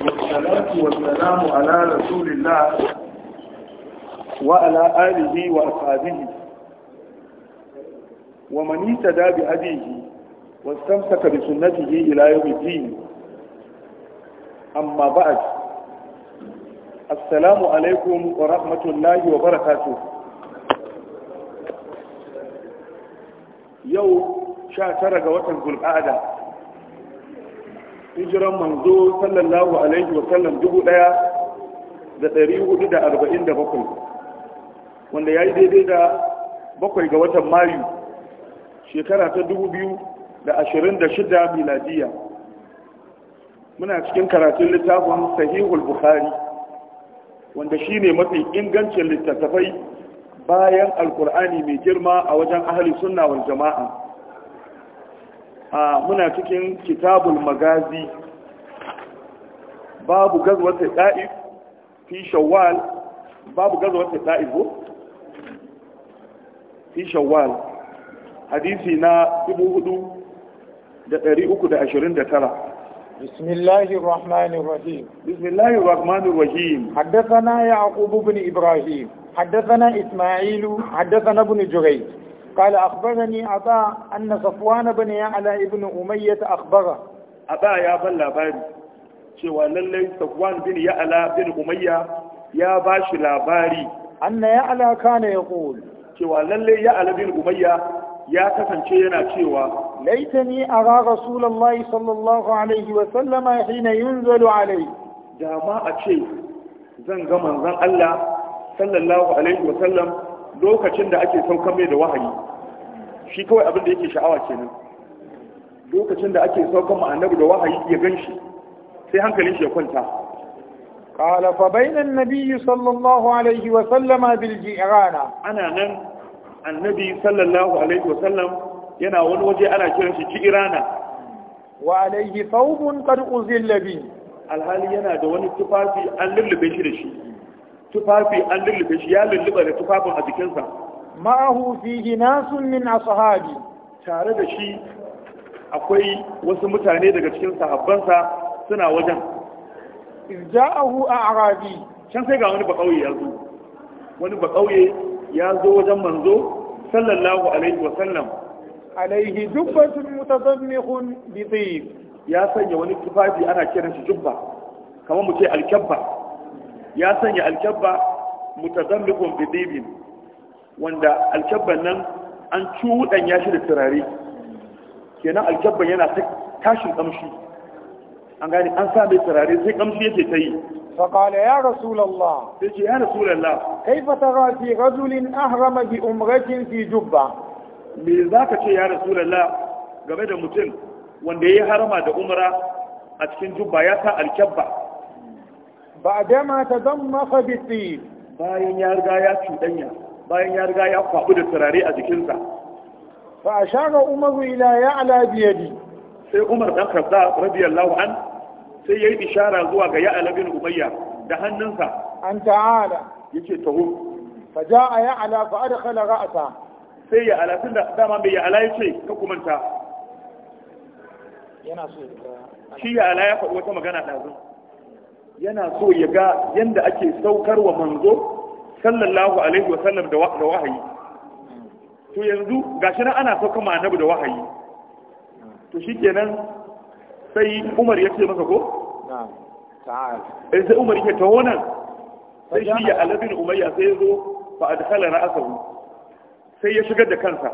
والصلاة والسلام على رسول الله وعلى آله وأصحابه ومن اهتدى بهديه واستمسك بسنته إلى يوم الدين أما بعد السلام عليكم ورحمة الله وبركاته يوم شاترك وطن ذو hijiran manzo sallallahu alaihi wa sallam dubu daya da ɗari hudu da arba'in da bakwai wanda ya yi daidai da bakwai ga watan mayu shekara ta dubu biyu da ashirin da shida miladiya muna cikin karatun littafin sahihul bukhari wanda shi ne mafi ingancin littattafai bayan alkur'ani mai girma a wajen ahali sunna wal jama'a a muna cikin kitabul magazi babu gazwata da'if fi shawwal babu gazwata da'if ko fi shawwal hadisi na 4329 bismillahir rahmanir rahim bismillahir rahmanir rahim الرحمن ya'qub ibn ibrahim حدثنا إسماعيل حدثنا ابن قال أخبرني عطاء أن صفوان بن يعلى ابن أمية أخبره عطاء يا بلا باري شوى للي صفوان بن يعلى بن أمية يا باش لا باري أن يعلى كان يقول شوى للي يعلى بن أمية يا كفن شينا شوى ليتني أرى رسول الله صلى الله عليه وسلم حين ينزل عليه جماعة شيء زن زمن زن الله صلى الله عليه وسلم lokacin da ake saukan mai da wahayi shi kawai abin da yake sha'awa kenan lokacin da ake saukar annabi da wahayi ya gan shi sai hankalin shi ya kwanta qala fa bayna an-nabiy sallallahu alaihi wa sallama bil Irana. ana nan annabi sallallahu alaihi wa sallam yana wani waje ana kiran shi ji'rana wa alaihi thawbun qad uzilla bi alhali yana da wani tufafi an lullube shi da shi tufafi an lullube shi ya lulluba da tufafin a jikinsa ma'ahu fihi nasun min ashabi tare da shi akwai wasu mutane daga cikin sahabbansa suna wajen a a'rabi can sai ga wani bakauye ya zo wani bakauye ya zo wajen manzo sallallahu alaihi wa sallam alaihi jubbatun mutazammiqun bi ya sanya wani tufafi ana kiran shi jubba kamar mu ce alkabba ya sanya alkyabba mutazallikun bidibin wanda alkyabban nan an cuɗanya shi da turare kenan alkyabban yana ta tashin kamshi an gani an sa mai turare sai kamshi yake ta yi فقال ya رسول الله تجي يا رسول الله كيف ترى في رجل أهرم بأمرة في جبة me za ka ce ya rasulallah game da mutum wanda ya harama da umara a cikin jubba ya sa alkyabba Ba zan تضمخ بالطيب bayan ya riga ya cuɗanya bayan ya riga ya kwaɓu da turare a jikinsa fa ashara umaru ila ya'la biyadi sai umar dan kaza radiyallahu an sai ya yi ishara zuwa ga ya'la bin umayya da hannunsa an ta'ala yace taho fa ja'a ya'la fa adkhala ra'sa sai ya'la tunda dama bai ya'la ce ka kumanta yana so shi ya'la ya faɗi wata magana ɗazu yana so ya ga yanda ake saukar wa manzo sallallahu alaihi wasallam da wahayi to yanzu gashi nan ana saukar ma annabi da wahayi to shikenan sai Umar ya ce masa ko na'am ta'al eh, sai Umar ya ta wannan sai shi ya alabin Umayya sai ya zo fa adkhala ra'sahu sai ya shigar da kansa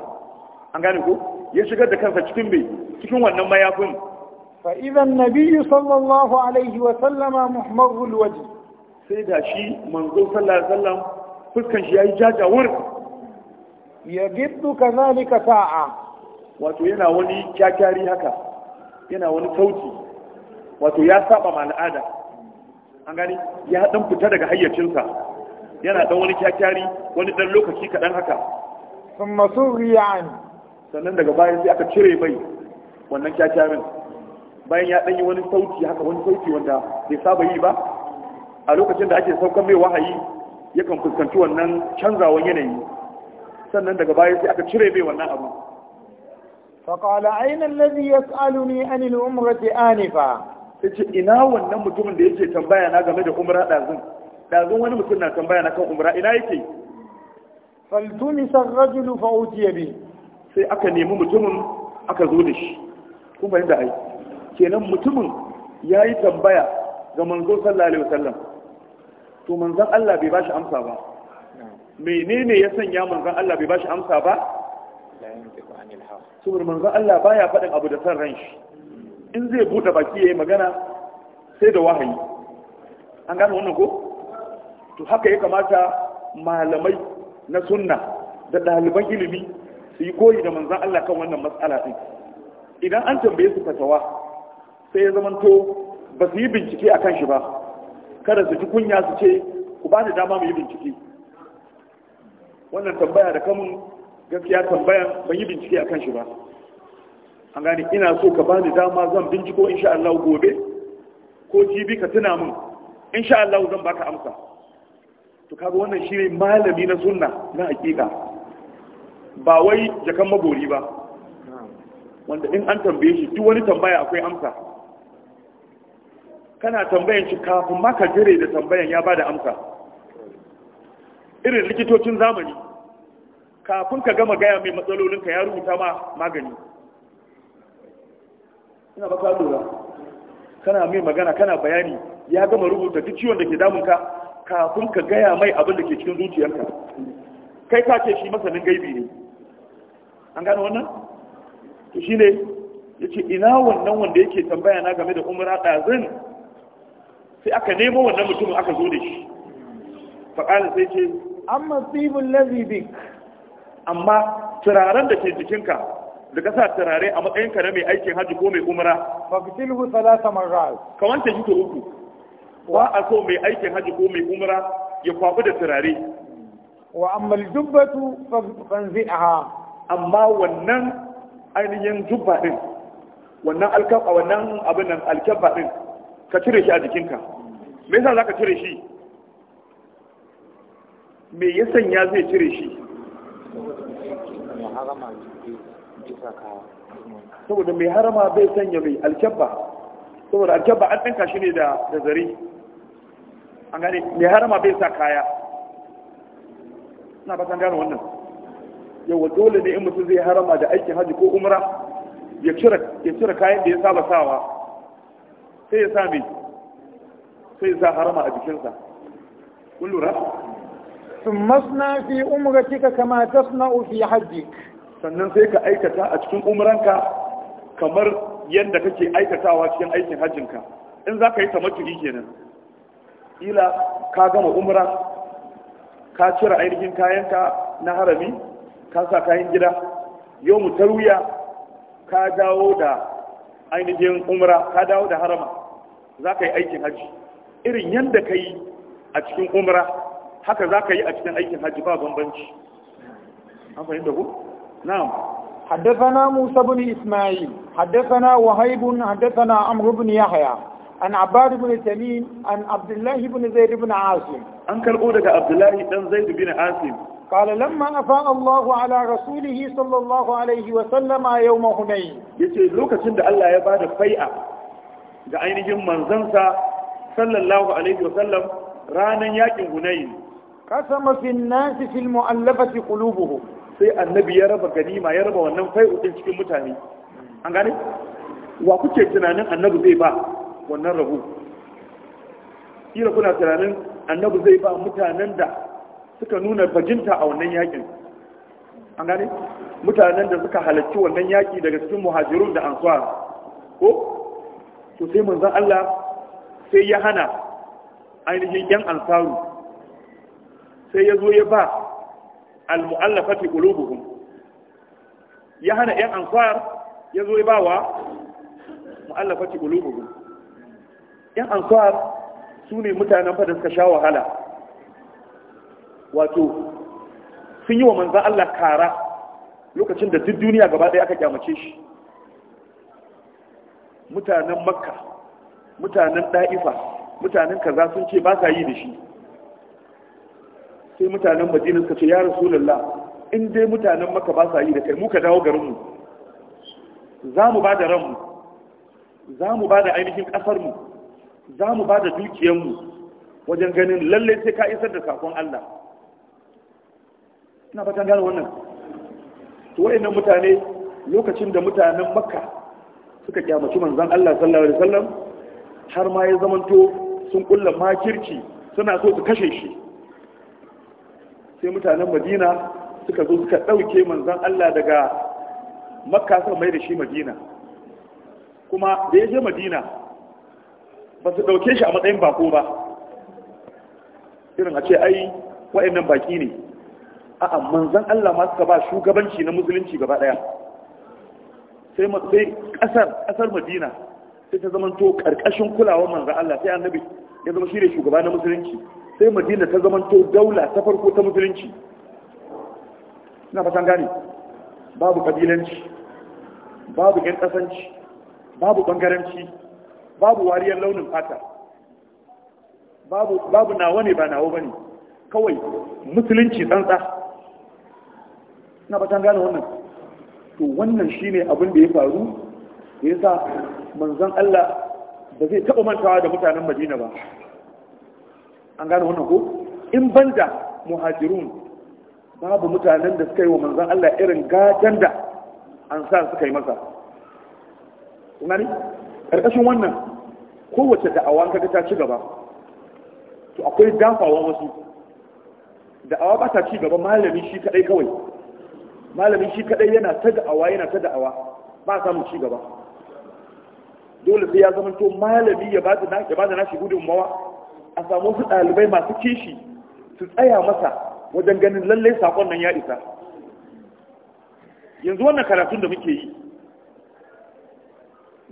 an gane ko ya shigar da kansa cikin bai cikin wannan mayafin فإذا النبي صلى الله Sai da shi الوجه سيدا شي منظور صلى الله عليه وسلم فسكن شي أي جاجة ورد يجد كذلك ساعة wato yana wani kyakkyari haka yana wani sauti wato ya saba ma ya dan fita daga hayyacinsa yana dan wani kyakkyari wani dan lokaci kaɗan haka sun masu riyan sannan daga baya sai aka cire mai wannan kyakkyarin bayan ya ɗanyi wani sauti haka wani sauti wanda bai saba yi ba a lokacin da ake saukan mai wahayi yakan fuskanci wannan canzawan yanayi sannan daga baya sai aka cire mai wannan abu فقال أين الذي يسألني عن العمرة آنفا yace ina wannan mutumin da yake tambaya na game da umra ɗazun? Ɗazun wani mutum na tambaya na kan umra ina yake faltumisa ar-rajulu fa utiya bi sai aka nemi mutumin aka zo da shi kun fahimta ai kenan mutumin ya yi tambaya ga manzo sallallahu alaihi wasallam to manzon Allah bai bashi amsa ba menene ya sanya manzon Allah bai bashi amsa ba saboda manzon Allah baya faɗin abu da san ranshi in zai buɗe baki yayi magana sai da wahayi an gano wannan ko to haka ya kamata malamai na sunna da ɗaliban ilimi su yi koyi da manzon Allah kan wannan matsala din idan an tambaye su fatawa sai ya zamanto ba su yi bincike a kan shi ba kada su ji kunya su ce ku ba da dama mu yi bincike wannan tambaya da kamun gaskiya tambayan ban yi bincike a kan shi ba an gane ina so ka bani dama zan binciko insha Allah gobe ko jibi ka tuna min insha Allah zan baka amsa to kaga wannan shirin malami na sunna na hakika ba wai jakan magori ba wanda in an tambaye shi duk wani tambaya akwai amsa kana tambayan shi kafin maka jire da tambayan ya bada amsa irin likitocin zamani kafin ka gama gaya mai matsalolinka ya rubuta ma magani ina ba ka kana mai magana kana bayani ya gama rubuta duk ciwon da ke damunka kafin ka gaya mai abin da ke cikin zuciyarka kai ka ce shi masanin gaibi ne an gano wannan to shi ne ya ce ina wannan wanda yake tambaya na game da umara ɗazin sai aka nemo wannan mutumin aka zo da shi faƙalin sai ce amma tsibin bik. amma turaren da ke jikinka da ka sa turare a matsayinka na mai aikin hajji ko mai umara faƙitilhu salasa marar ka wanta shi uku wa a so mai aikin hajji ko mai umara ya kwaɓi da turare wa amma dubbatu fanzi'aha amma wannan ainihin jubba din wannan alkaba wannan abin nan alkaba din ka cire shi a jikinka me yasa zaka cire shi me ya sanya zai cire shi saboda mai harama bai sanya mai alkyabba saboda alkyabba an ɗanka shi ne da zare an gane mai harama bai sa kaya na ba san gane wannan yawa dole ne in mutum zai harama da aikin hajji ko umra ya cire kayan da ya saba sawa sai ya sa mai sai sa harama a jikinsa kun lura sun masna fi umratika kama tasna fi hajjik sannan sai ka aikata a cikin umranka kamar yadda kake aikatawa cikin aikin hajjinka in za ka yi ta tamattu'i kenan ila ka gama umra ka cire ainihin kayanka na harami ka sa kayan gida yau mu tarwiya ka dawo da ainihin umra ka dawo da harama za ka yi aikin hajji irin yadda ka yi a cikin umra haka za ka yi a cikin aikin hajji ba bambanci an fahimta ku na'am حدثنا موسى بن إسماعيل حدثنا وهيب حدثنا عمرو بن يحيى عن عباد بن تميم عن عبد الله بن زيد بن عاصم عن كالقودة عبد الله بن زيد بن عاصم قال لما أفاء الله على رسوله صلى الله عليه وسلم يوم هنين يتي لوكا سند الله يبعد فيئة ga ainihin manzansa sallallahu alaihi wa sallam ranan yakin hunayn kasama fi nasi fil mu'allafati qulubuhum sai annabi ya raba ganima ya raba wannan fai din cikin mutane an gane wa kuke tunanin annabi zai ba wannan rabu kila kuna tunanin annabi zai ba mutanen da suka nuna bajinta a wannan yakin an gane mutanen da suka halarci wannan yaki daga cikin muhajirun da ansar ko to sai manzon Allah sai ya hana ainihin yan ansaru sai ya zo ya ba al-mu'allafati qulubuhum ya hana yan ansar ya zo ya ba wa mu'allafati qulubuhum yan ansar su ne mutanen fa da suka sha wahala wato sun yi wa manzan Allah kara lokacin da duk duniya gaba ɗaya aka kyamace shi mutanen makka mutanen ɗa'ifa mutanen kaza sun ce ba sa yi da shi sai mutanen madina suka ce ya rasulullah in dai mutanen maka ba sa yi da kai ka dawo garinmu za mu ba da ranmu za mu ba da ainihin ƙasarmu za mu ba da dukiyarmu wajen ganin lalle sai ka isar da sakon Allah ina fatan gane wannan to wayannan mutane lokacin da mutanen makka suka kyamaci manzon Allah sallallahu alaihi wasallam har ma ya zamanto sun kulla makirci suna so su kashe shi sai mutanen madina suka zo suka ɗauke manzan Allah daga makka suka mai da shi madina kuma da ya je madina ba su ɗauke shi a matsayin bako ba irin a ce ai wa'annan baki ne a'a manzan Allah ma suka ba shugabanci na musulunci gaba ɗaya sai kasar madina sai ta zama to karkashin kulawar manzo Allah sai annabi ya zama shi ne shugaba na musulunci sai madina ta zama to daula ta farko ta musulunci ina fatan gane babu kabilanci babu ƴan kasanci babu bangaranci babu wariyar launin fata babu babu nawa ne ba nawa bane kawai musulunci tsantsa ina fatan gane wannan to wannan shine abin da ya faru da yasa manzon Allah ba zai taɓa mantawa da mutanen Madina ba an gane wannan ko in banda muhajirun babu mutanen da suka yi wa manzon Allah irin gatan da an sa suka yi masa kun gani karkashin wannan kowace da'awa kaga ta ci gaba to akwai dafawa wasu da'awa ba ta ci gaba malami shi kadai kawai malami shi kadai yana ta da'awa yana ta da'awa ba samun ci gaba dole sai ya zama to malami ya bada na ya bada na shi mawa a samu su ɗalibai masu kishi su tsaya masa wajen ganin lallai sakon nan ya isa yanzu wannan karatun da muke yi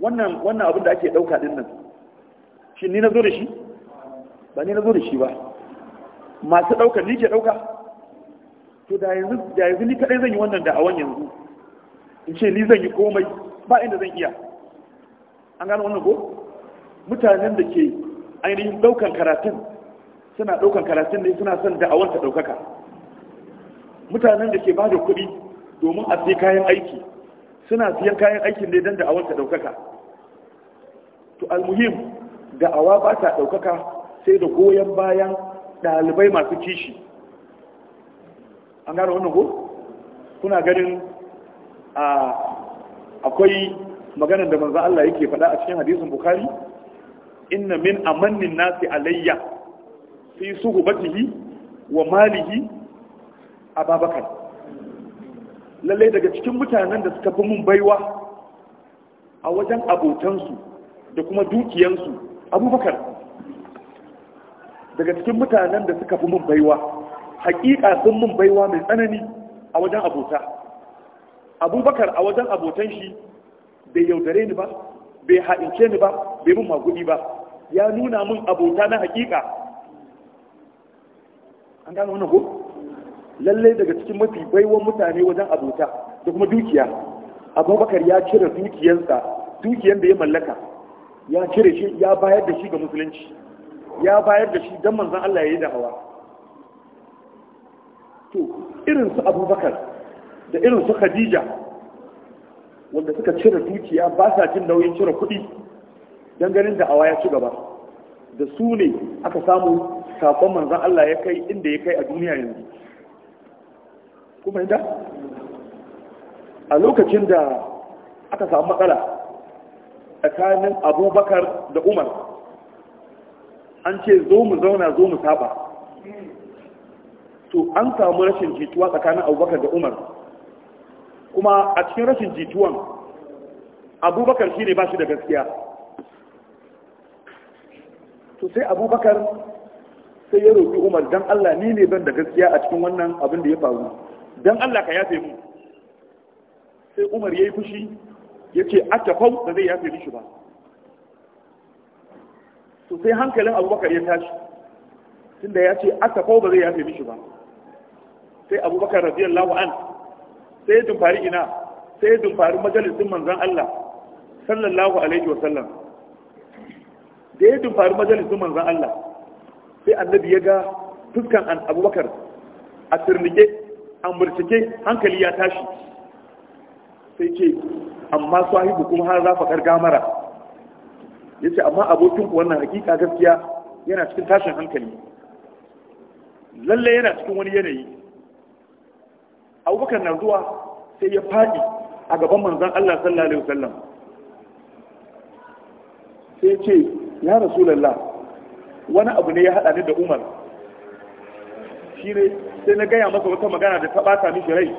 wannan wannan abin da ake ɗauka din nan shi ni na zo da shi ba ni na zo da shi ba masu dauka ni ke ɗauka to da yanzu da yanzu ni kaɗai zan yi wannan da'awan yanzu in ce ni zan yi komai ba inda zan iya an gano wannan ko mutanen da ke ainihin daukan karatun suna daukan karatun ne suna son da ɗaukaka. daukaka mutanen da ke ba da kuɗi domin a sai kayan aiki suna siyan kayan aikin ne don da awanta daukaka to almuhim da awa ba ta daukaka sai da goyon bayan ɗalibai masu kishi an gano wannan ko kuna ganin akwai maganar da manzo Allah yake faɗa a cikin hadisin bukhari inna min amannin nasi alayya fi suhbatihi wa malihi ababakar lallai daga cikin mutanen da suka fi mun baiwa a wajen abotansu da kuma dukiyansu abubakar daga cikin mutanen da suka fi mun baiwa hakika sun mun baiwa mai tsanani a wajen abota abubakar a wajen abotan shi bai yaudare ni ba bai haɗince ni ba bai mun magudi ba ya nuna mun abota na hakika an gano wannan ko lallai daga cikin mafi baiwan mutane wajen abota da kuma dukiya abubakar ya cire dukiyarsa dukiyar da ya mallaka ya cire shi ya bayar da shi ga musulunci ya bayar da shi don manzan Allah ya yi da hawa to irin su abubakar da irin su khadija wanda suka cire dukiya ba sa jin nauyin cire kuɗi don ganin da awa ya ci gaba da su ne aka samu sakon manzan Allah ya kai inda ya kai a duniya yanzu kuma inda a lokacin da aka samu matsala tsakanin abubakar da umar an ce zo mu zauna zo mu saba to an samu rashin jituwa tsakanin abubakar da umar kuma a cikin rashin jituwan abubakar shi ne ba shi da gaskiya to sai abubakar sai ya roƙi umar don allah ni ne ban da gaskiya a cikin wannan abin da ya faru don allah ka yafe mu sai umar ya yi fushi ya ce a tafau da zai yafe mishi ba to sai hankalin abubakar ya tashi tun da ya ce a tafau ba zai yafe mishi ba sai abubakar radiyallahu an sai ya dumfari ina sai ya dumfari majalisin manzan Allah sallallahu alaihi wa sallam da ya dumfari majalisin manzan Allah sai annabi ya ga fuskan abubakar a turnike an murtike hankali ya tashi sai ce amma sahibu kuma har za faƙar gamara ya ce amma abokin wannan hakika gaskiya yana cikin tashin hankali lalle yana cikin wani yanayi abubakar na zuwa sai ya faɗi a gaban manzan Allah sallallahu alaihi wasallam sai ce ya lalla. wani abu ne ya haɗa ni da Umar shi ne sai na gaya masa wata magana da ta ɓata mishi rai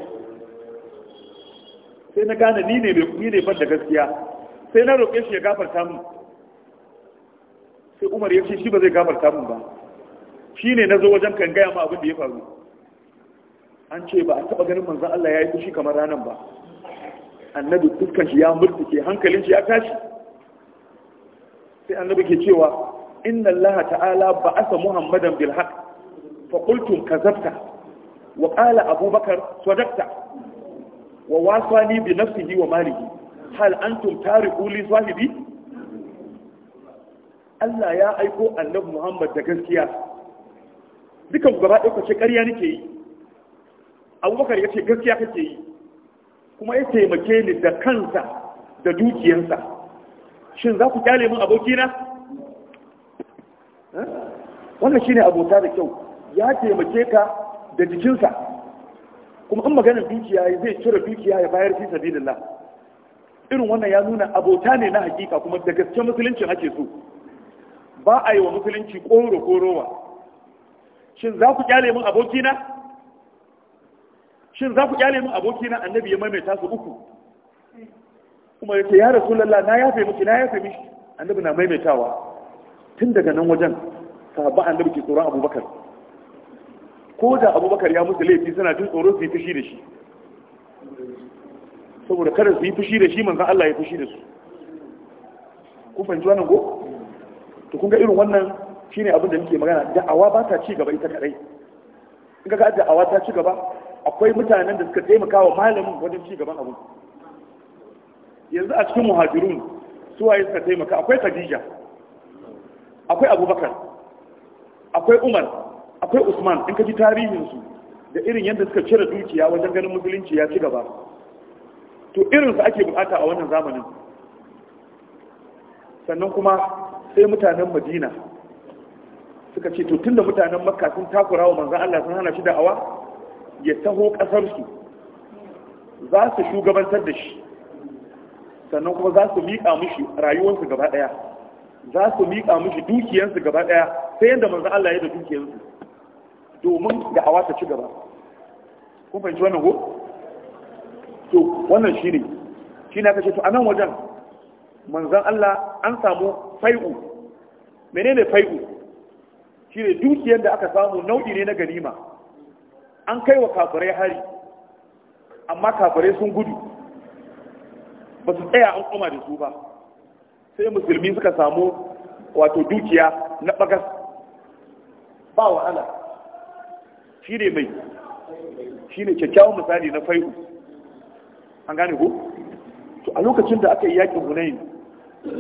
sai na gane ni ne mai ne da gaskiya sai na roƙe shi ya gafarta mu sai Umar ya ce shi ba zai gafarta mu ba shi ne na zo wajen kan gaya ma abin da ya faru an ce ba a taba ganin manzan Allah ya yi fushi kamar ranar ba annabi dukkan shi ya ke hankalin shi ya tashi sai annabi ke cewa inna Allah ta'ala ba'asa Muhammadan bil haqq fa qultum kazabta wa qala Abubakar sadaqta wa wasani bi nafsihi wa malihi hal antum tariqu li sahibi Allah ya aiko annabi Muhammad da gaskiya dukan gaba ɗaya ce ƙarya nake yi abubakar ya ce gaskiya kake yi kuma ya taimake ni da kansa da dukiyansa shin za ku kyale min abokina wannan shi ne abota da kyau ya taimake ka da jikinsa kuma in maganar dukiya zai cire dukiya ya bayar fi sabilillah irin wannan ya nuna abota ne na hakika kuma da gaske musuluncin ake so ba a yi wa musulunci koro korowa shin za ku kyale min abokina shin za ku kyale min aboki na annabi ya maimaita su uku kuma ya ce ya rasulullah na yafe miki na yafe miki annabi na maimaitawa tun daga nan wajen sahabba annabi ke tsoron abubakar ko da abubakar ya musu laifi suna jin tsoron su yi fushi da shi saboda kada su yi fushi da shi manzan Allah ya fushi da su kun fahimci wannan ko to kun ga irin wannan shine abin da muke magana da'awa ba ta ci gaba ita kadai in ga da'awa ta ci gaba akwai mutanen da suka taimaka wa malamin wajen ci gaban abu yanzu a cikin muhajirun suwaye suka taimaka akwai khadija akwai abubakar akwai umar akwai usman in ka ji tarihinsu da irin yadda suka cire dukiya wajen ganin musulunci ya ci gaba to irinsu ake bukata a wannan zamanin sannan kuma sai mutanen madina suka ce to tunda mutanen makka sun takura wa manzan allah sun hana shi da'awa ya taho ƙasarsu za su shugabantar da shi sannan kuma za su miƙa mushi rayuwarsu gaba ɗaya za su miƙa mushi dukiyarsu gaba ɗaya sai yadda manzan Allah ya da dukiyarsu domin da awa ta ci gaba kun fahimci wannan ko to wannan shi ne shi na kashe to a nan wajen manzan Allah an samu fai'u menene fai'u shi ne dukiyar da aka samu nau'i ne na ganima an kai wa kafirai hari amma kafirai sun gudu ba su tsaya an koma da su ba sai musulmi suka samu wato dukiya na bagas ba wahala shi ne mai shi ne kyakkyawan misali na fai'u an gane ku? to a lokacin da aka yi yakin hunayin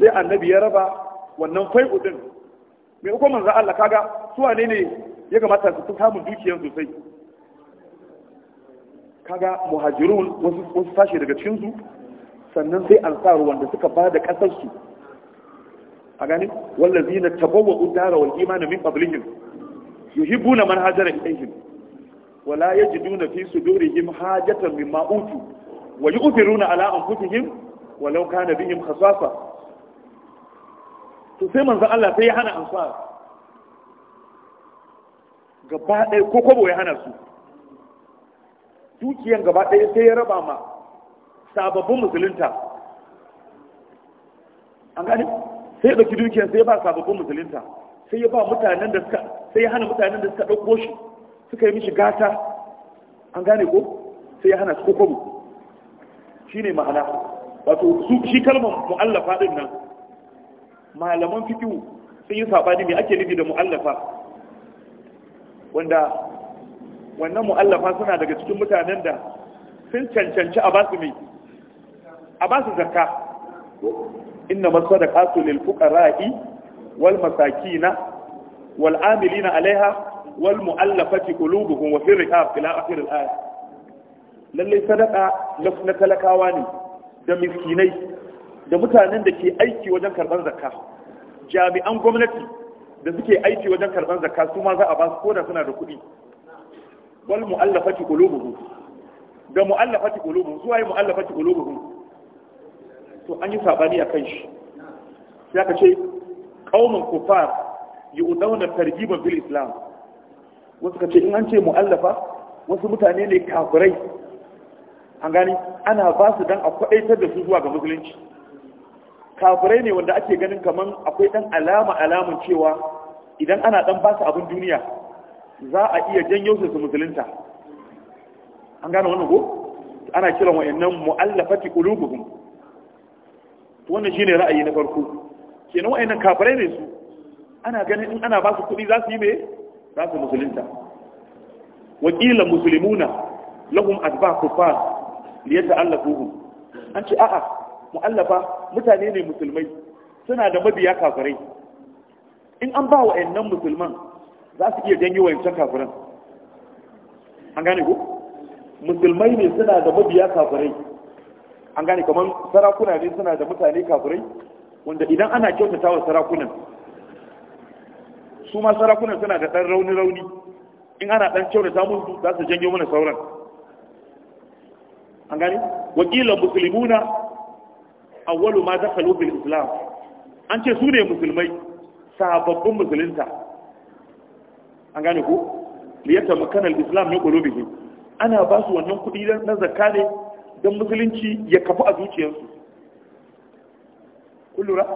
sai annabi ya raba wannan fai'u din mai hukumar za Allah kaga su ne ne ya kamata su samun dukiyar sosai kaga muhajirun wasu sashi daga cikinsu sannan sai ansaru wanda suka ba da ƙasarsu a gani wanda wallazi na tabawa udara wal imanin min qablihim yuhibbuna man hajara ilayhim wala yajiduna fi sudurihim hajatan mimma utu wa yu'thiruna ala anfusihim walau kana bihim khasasa to sai manzo Allah sai ya hana ansar gaba ɗaya ko kobo ya hana su dukiyan gaba ɗaya sai ya raba ma sababbin musulunta an gani sai ya ɗauki dukiyan sai ya ba sababbin musulunta sai ya ba mutanen da suka sai ya hana mutanen da suka ɗauko shi suka yi mishi gata an gane ko sai ya hana su kokobu shi ne ma'ana wato shi kalmar mu'allafa ɗin nan malaman fikihu sun yi saɓani mai ake nufi da mu'allafa wanda wannan mu'allafa suna daga cikin mutanen da sun cancanci a basu mai a basu zakka inna kasu lil fuqara'i wal masakina wal amilina alaiha wal mu'allafati qulubuhum wa fi riqab ila akhir al aya lalle sadaka na talakawa ne da miskinai da mutanen da ke aiki wajen karban zakka jami'an gwamnati da suke aiki wajen karban zakka su ma za a ba su koda suna da kuɗi wal mu'allafati qulubuhum da mu'allafati qulubuhum zuwa mu'allafati qulubuhum to an yi sabani akan shi sai aka ce qaumun kufar yu'dawna tarjiban fil islam wasu ka ce in an ce mu'allafa wasu mutane ne kafirai an gani ana ba su dan a ta da su zuwa ga musulunci kafirai ne wanda ake ganin kaman akwai dan alama alamun cewa idan ana dan ba su abin duniya za a iya janyo su su musulunta an gane wannan ko ana kiran wayannan mu'allafati qulubuhum to wannan shine ra'ayi na farko kenan wayannan kafirai ne su ana ganin in ana ba su kuɗi za su yi me za su musulunta wakila musulmuna lahum adba kufar liyata'allafuhum an ce a'a mu'allafa mutane ne musulmai suna da mabiya kafirai in an ba wayannan musulman za su iya janyo wayancan kafiran an gane ku musulmai ne suna da mabiya kafirai an gane kamar sarakuna ne suna da mutane kafirai wanda idan ana kyautata wa sarakunan su ma sarakunan suna da ɗan rauni-rauni in ana ɗan kyautata musu za su janyo mana sauran an gane wakila musulmuna awwalu ma dakhalu fil islam an ce su ne musulmai sababbin musulunta an gane ku liyata makanar islam ne kulubihi ana ba su wannan kuɗi na zakka ne don musulunci ya kafu a zuciyarsu kullura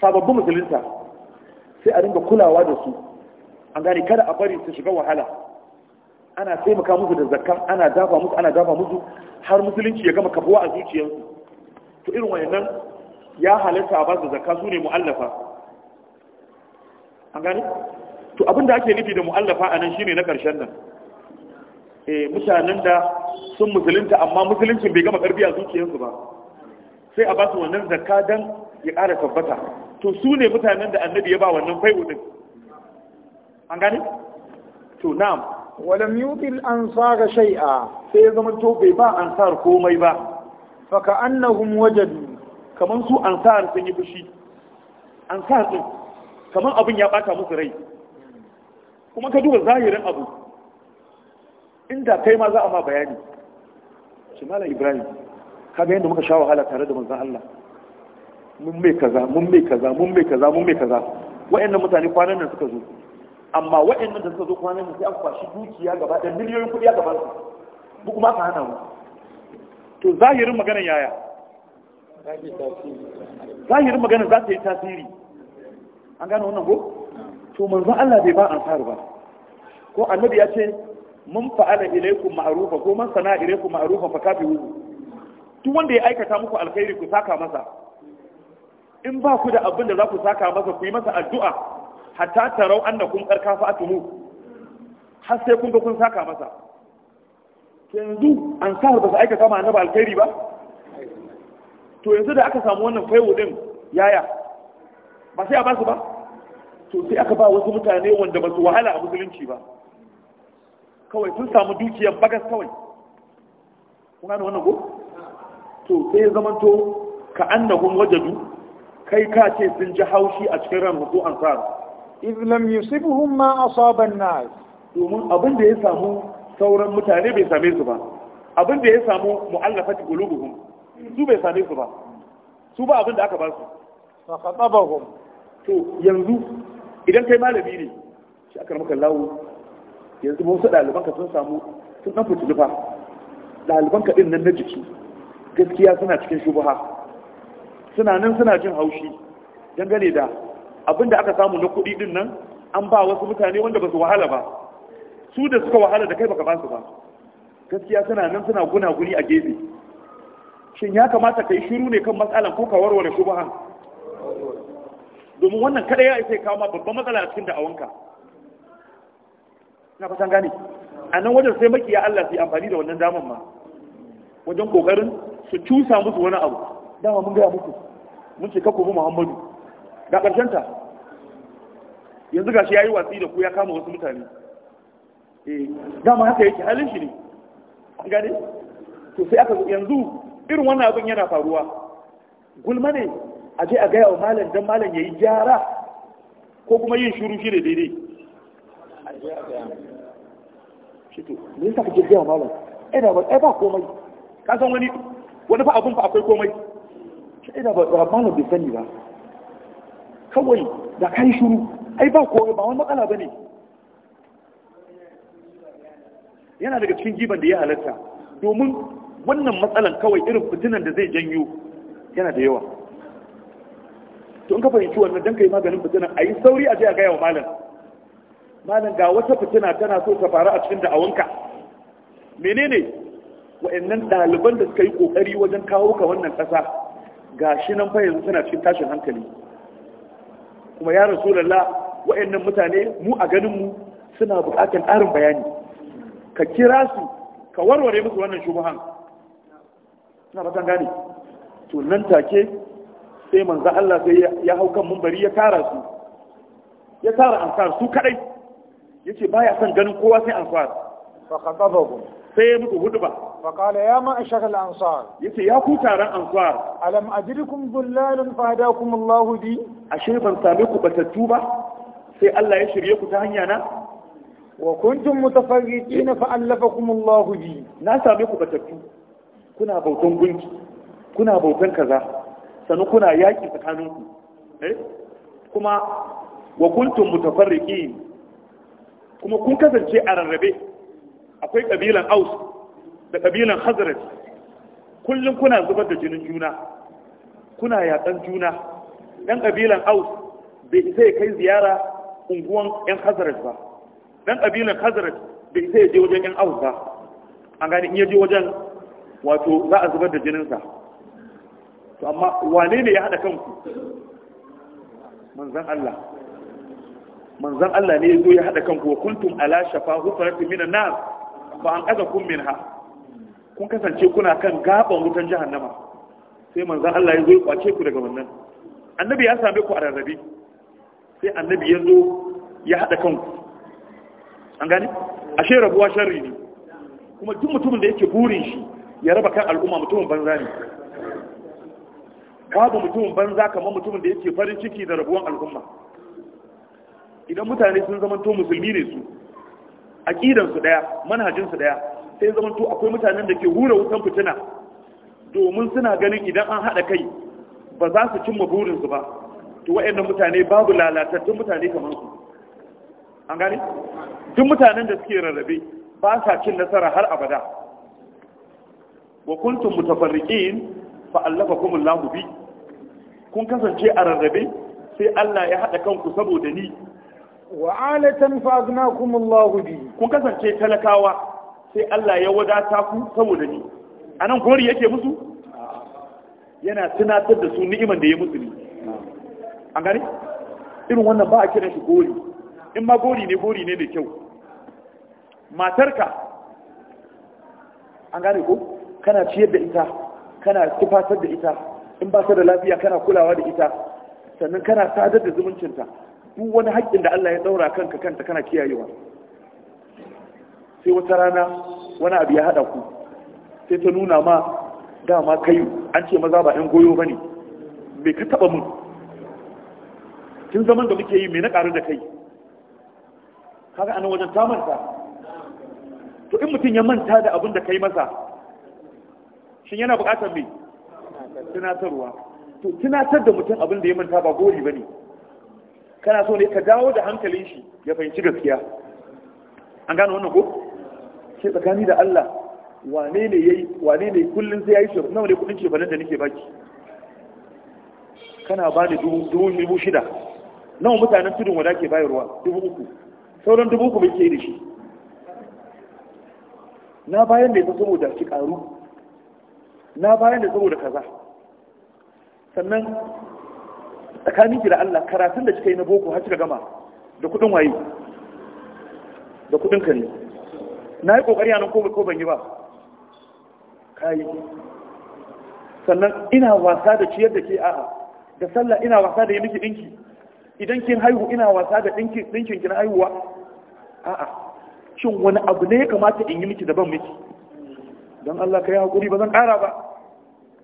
sababbin musulunta sai a dinga kulawa da su an gane kada a bari su shiga wahala ana taimaka musu da zakka ana dafa musu ana dafa musu har musulunci ya gama kafuwa a zuciyarsu to irin wayannan ya halatta a ba su zakka su ne mu'allafa an gane to abin da ake nufi da mu'allafa a nan shine na ƙarshen nan eh mutanen da sun musulunta amma musuluncin bai gama ƙarfi a zuciyarsu ba sai a ba su wannan zakka dan ya ƙara tabbata to su ne mutanen da annabi ya ba wannan fai'u din an gane to na'am walam yubil ansara shay'a sai ya zama to bai ba ansar komai ba fa ka annahum wajadu kaman su ansar sun yi fushi ansar din kaman abin ya bata musu rai kuma ka duba zahirin abu inda kai ma za a ma bayani shi mala ibrahim ga yadda muka sha wahala tare da manzan Allah mun mai kaza mun mai kaza mun mai kaza mun mai kaza wa'annan mutane kwanan nan suka zo amma wa'annan da suka zo kwanan nan sai an kwashi dukiya gaba da miliyoyin kuɗi a gaba su mu kuma ka hana mu to zahirin magana yaya zahirin magana za ta yi tasiri an gane wannan ko to manzo Allah bai ba ansar ba ko annabi ya ce mun fa'ala ilaikum ma'rufa ko man sana ilaikum ma'rufa fa kafiru duk wanda ya aikata muku alkhairi ku saka masa in ba ku da abin da za ku saka masa ku yi masa addu'a hatta tarau annakum karkafa har sai kun ga kun saka masa yanzu ansar ba su aikata ma annabi alkhairi ba to yanzu da aka samu wannan faiwo din yaya ba sai a ba su ba to sai aka ba wasu mutane wanda ba su wahala a musulunci ba kawai sun samu dukiyar bagas kawai kuna da wannan ko to sai zaman to ka annahum wajadu kai ka ce sun ji haushi a cikin ran an ansar iz lam yusibuhum ma asaba an-nas domin abin da ya samu sauran mutane bai same su ba abin da ya samu mu'allafati qulubuhum su bai same su ba su ba abin da aka ba su fa khatabahum to yanzu idan kai malami ne shi aka maka lawo yanzu wasu ɗaliban ka sun samu sun dan fitu fa daliban ka ɗin nan na jiki gaskiya suna cikin shubuha suna nan suna jin haushi dangane da abinda aka samu na kuɗi din nan an ba wasu mutane wanda ba su wahala ba su da suka wahala da kai baka ba su ba gaskiya suna nan suna gunaguni a gefe shin ya kamata ka yi shiru ne kan matsalan ko ka warware shubuhan domin wannan kada ya isa ya kawo ma babban matsala a cikin da'awanka na fasan gane a nan wajen sai makiya Allah su yi amfani da wannan daman ma wajen kokarin su cusa musu wani abu dama mun gaya muku mun ce kakko Muhammadu ga ƙarshen ta yanzu gashi yayi watsi da ku ya kama wasu mutane eh dama haka yake halin shi ne an gane to sai aka yanzu irin wannan abin yana faruwa gulma ne a je a gaya wa malam don malam ya yi gyara ko kuma yin shuru shi da daidai Shito, to me yasa kake gaya wa malam ina ba ba komai ka san wani wani fa abun fa akwai komai ina ba malam bai sani ba kawai da kai shuru ai ba komai ba wani matsala bane yana daga cikin giban da ya halatta domin wannan matsalan kawai irin fitinan da zai janyo yana da yawa to in ka fahimci wannan dan kai maganin fitina a yi sauri a je a gaya wa malam malam ga wata fitina tana so ta faru a cikin da'awanka menene wa'annan ɗaliban da suka yi ƙoƙari wajen kawo ka wannan ƙasa ga shi nan fa yanzu suna cikin tashin hankali kuma ya rasu lalla wa'annan mutane mu a ganin mu suna buƙatar ƙarin bayani ka kira su ka warware musu wannan shubuhan Suna fatan gane to nan take sai manzan Allah sai ya hau kan mumbari ya tara su ya tara ansar su kadai ya ce baya son ganin kowa sai ansar fa khatabahu sai ya mutu hudba fa qala ya ma ashaka al ansar yace ya ku taron ansar alam ajrikum dhullalan fa hadakum Allah bi ashe ban same ku batattu ba sai Allah ya shirye ku ta hanya na wa kuntum mutafarriqin fa allafakum Allah bi na same ku batattu kuna bautan gunki kuna bautan kaza sannu kuna yaƙi tsakaninku eh? kuma wa kuntum mutafarriqin kuma kun kasance a rarrabe akwai ƙabilan aus da ƙabilan hazrat kullum kuna zubar da jinin juna kuna yaƙan juna Ɗan ƙabilan aus bai isa ya kai ziyara unguwan ƴan hazrat ba Ɗan ƙabilan hazrat bai isa ya je wajen ƴan aus ba an gani in ya je wajen wato za a zubar da jininsa to amma wane ne ya haɗa kanku manzan Allah manzan Allah ne ya zo ya haɗa kanku wa kuntum ala shafa hufaratin minan nar fa an kaza kun minha kun kasance kuna kan gaban wutan jahannama sai manzan Allah ya zo ya kwace ku daga wannan annabi ya same ku a rarrabe sai annabi ya zo ya haɗa kanku an gani ashe rabuwa sharri ne kuma duk mutumin da yake burin shi ya raba kan al'umma mutumin banza ne babu mutumin banza kamar mutumin da yake farin ciki da rabuwan al'umma idan mutane sun zamanto musulmi ne su aqidansu daya manhajinsu daya sai to akwai mutanen da ke hura wutan fitina domin suna ganin idan an hada kai ba za su cimma burinsu ba to wayannan mutane babu lalatattun mutane kamar su an gane duk mutanen da suke rarrabe ba sa cin nasara har abada wa kuntum mutafarriqin fa allafakumullahu bi kun kasance a rarrabe sai Allah ya haɗa kanku saboda ni wa alatan fa aghnakum Allahu bi kun kasance talakawa sai Allah ya wadata ku saboda ni anan gori yake musu yana tunatar da su ni'iman da ya musu ne an gani irin wannan ba a kiran shi gori in ma gori ne gori ne da kyau matarka an gane ko kana ciyar da ita kana tufatar da ita in ba ta da lafiya kana kulawa da ita sannan kana sadar da zumuncinta duk wani haƙƙin da Allah ya daura kanka kanta kana kiyayewa sai wata rana wani abu ya haɗa ku sai ta nuna ma dama kai an ce maza ba 'yan goyo ba ne mai ka taɓa mun tun zaman da muke yi mai na ƙaru da kai kaga anan wajen ta manta to in mutum ya manta da abin da kai masa shin yana buƙatar mai tunatarwa to tunatar da mutum abin da ya manta ba gori bane kana so ne ka dawo da hankalin shi ya fahimci gaskiya an gano wannan ko ke tsakani da Allah wane ne yayi wane ne kullun sai yayi shi nawa ne kudin cefanen da nake baki kana ba da dubu dubu shida nawa mutanen tudun wada ke bayarwa dubu uku sauran dubu uku bai ke da shi na bayan da ya saboda ki karu na bayan da saboda kaza sannan tsakanin ki da Allah karatun da kika yi na boko har kika gama da kudin waye da kudin ka ne na yi kokari anan ko ko ban yi ba kai sannan ina wasa da ciyar da ke a'a da sallah ina wasa da yi miki dinki idan kin haihu ina wasa da dinki dinkin kin haihuwa a'a shin wani abu ne ya kamata in yi miki da ban miki don Allah ka hakuri ba zan ƙara ba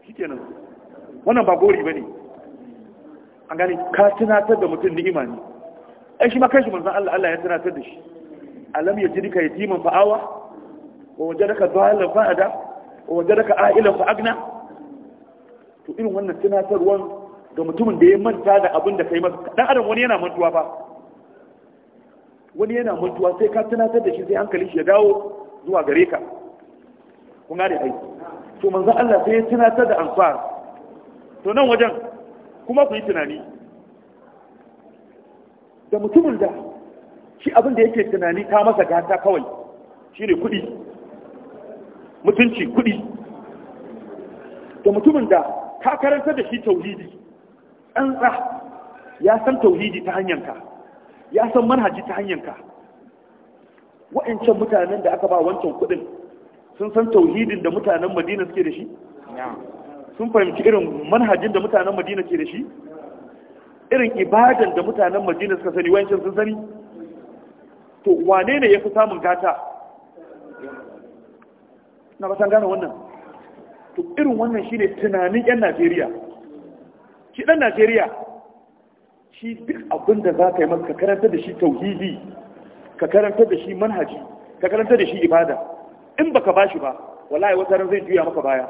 shikenan wannan ba gori bane an gane ka tunatar da mutum ni'ima ne ai shi ma kanshi manzon Allah Allah ya tunatar da shi alam yajidika yatiman fa'awa wa wajadaka dhalan fa'ada wa wajadaka a'ilan agna to irin wannan tunatarwan ga mutumin da ya manta da abin da kai masa dan adam wani yana mantuwa ba wani yana mantuwa sai ka tunatar da shi sai hankalin shi ya dawo zuwa gare ka kun gane ai to manzo Allah sai ya tunatar da ansar to nan wajen kuma ku yi tunani da mutumin da shi abin da yake tunani ta masa gata kawai shine kuɗi mutunci kuɗi da mutumin da ka karanta da shi tauhidi tsantsa ya san tauhidi ta hanyanka ya san manhaji ta hanyanka wa'ancan mutanen da aka ba wancan kuɗin sun san tauhidin da mutanen madina suke da shi sun fahimci irin manhajin da mutanen madina ke da shi irin ibadan da mutanen madina suka sani wancan sun sani to wane ne ya fi samun gata na basan gane wannan to irin wannan shi ne tunanin 'yan najeriya shi dan najeriya shi duk abin da za ka yi masa ka karanta da shi tauhidi ka karanta da shi manhaji ka karanta da shi ibada in baka bashi ba wallahi wata ran zai juya maka baya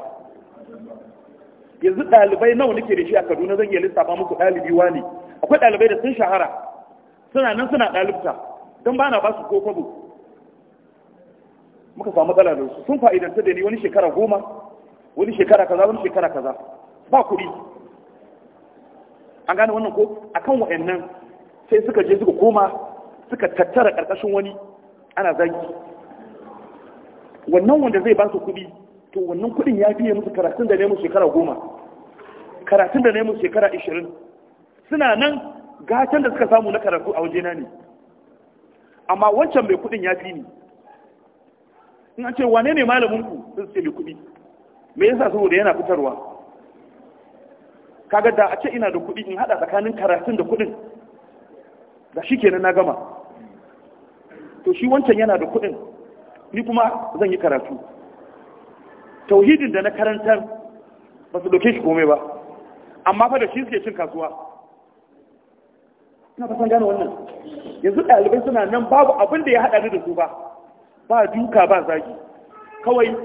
yanzu dalibai nawa nake da shi a Kaduna zan iya lissafa muku dalibi wani akwai dalibai da sun shahara suna nan suna dalibta don ba na ba su ko kwabo muka samu matsala da su sun fa'idanta da ni wani shekara goma wani shekara kaza wani shekara kaza ba kuɗi an gane wannan ko akan wa'annan sai suka je suka koma suka tattara ƙarƙashin wani ana zagi wannan wanda zai ba su kuɗi to wannan kuɗin ya fiye musu karatun da ne musu shekara goma karatun da ne musu shekara ishirin suna nan gatan da suka samu na karatu a wajena ne amma wancan mai kuɗin ya fi ni in an ce wane ne malamin ku sun ce mai kuɗi me yasa saboda yana fitarwa kaga da a ce ina da kuɗi in haɗa tsakanin karatun da kuɗin da shi kenan na gama to shi wancan yana da kuɗin ni kuma zan yi karatu tauhidin da na karantar ba su doke shi komai ba amma fa da shi suke cin kasuwa ina san gane wannan yanzu ɗalibai suna nan babu abin da ya haɗa ni da su ba ba duka ba zagi kawai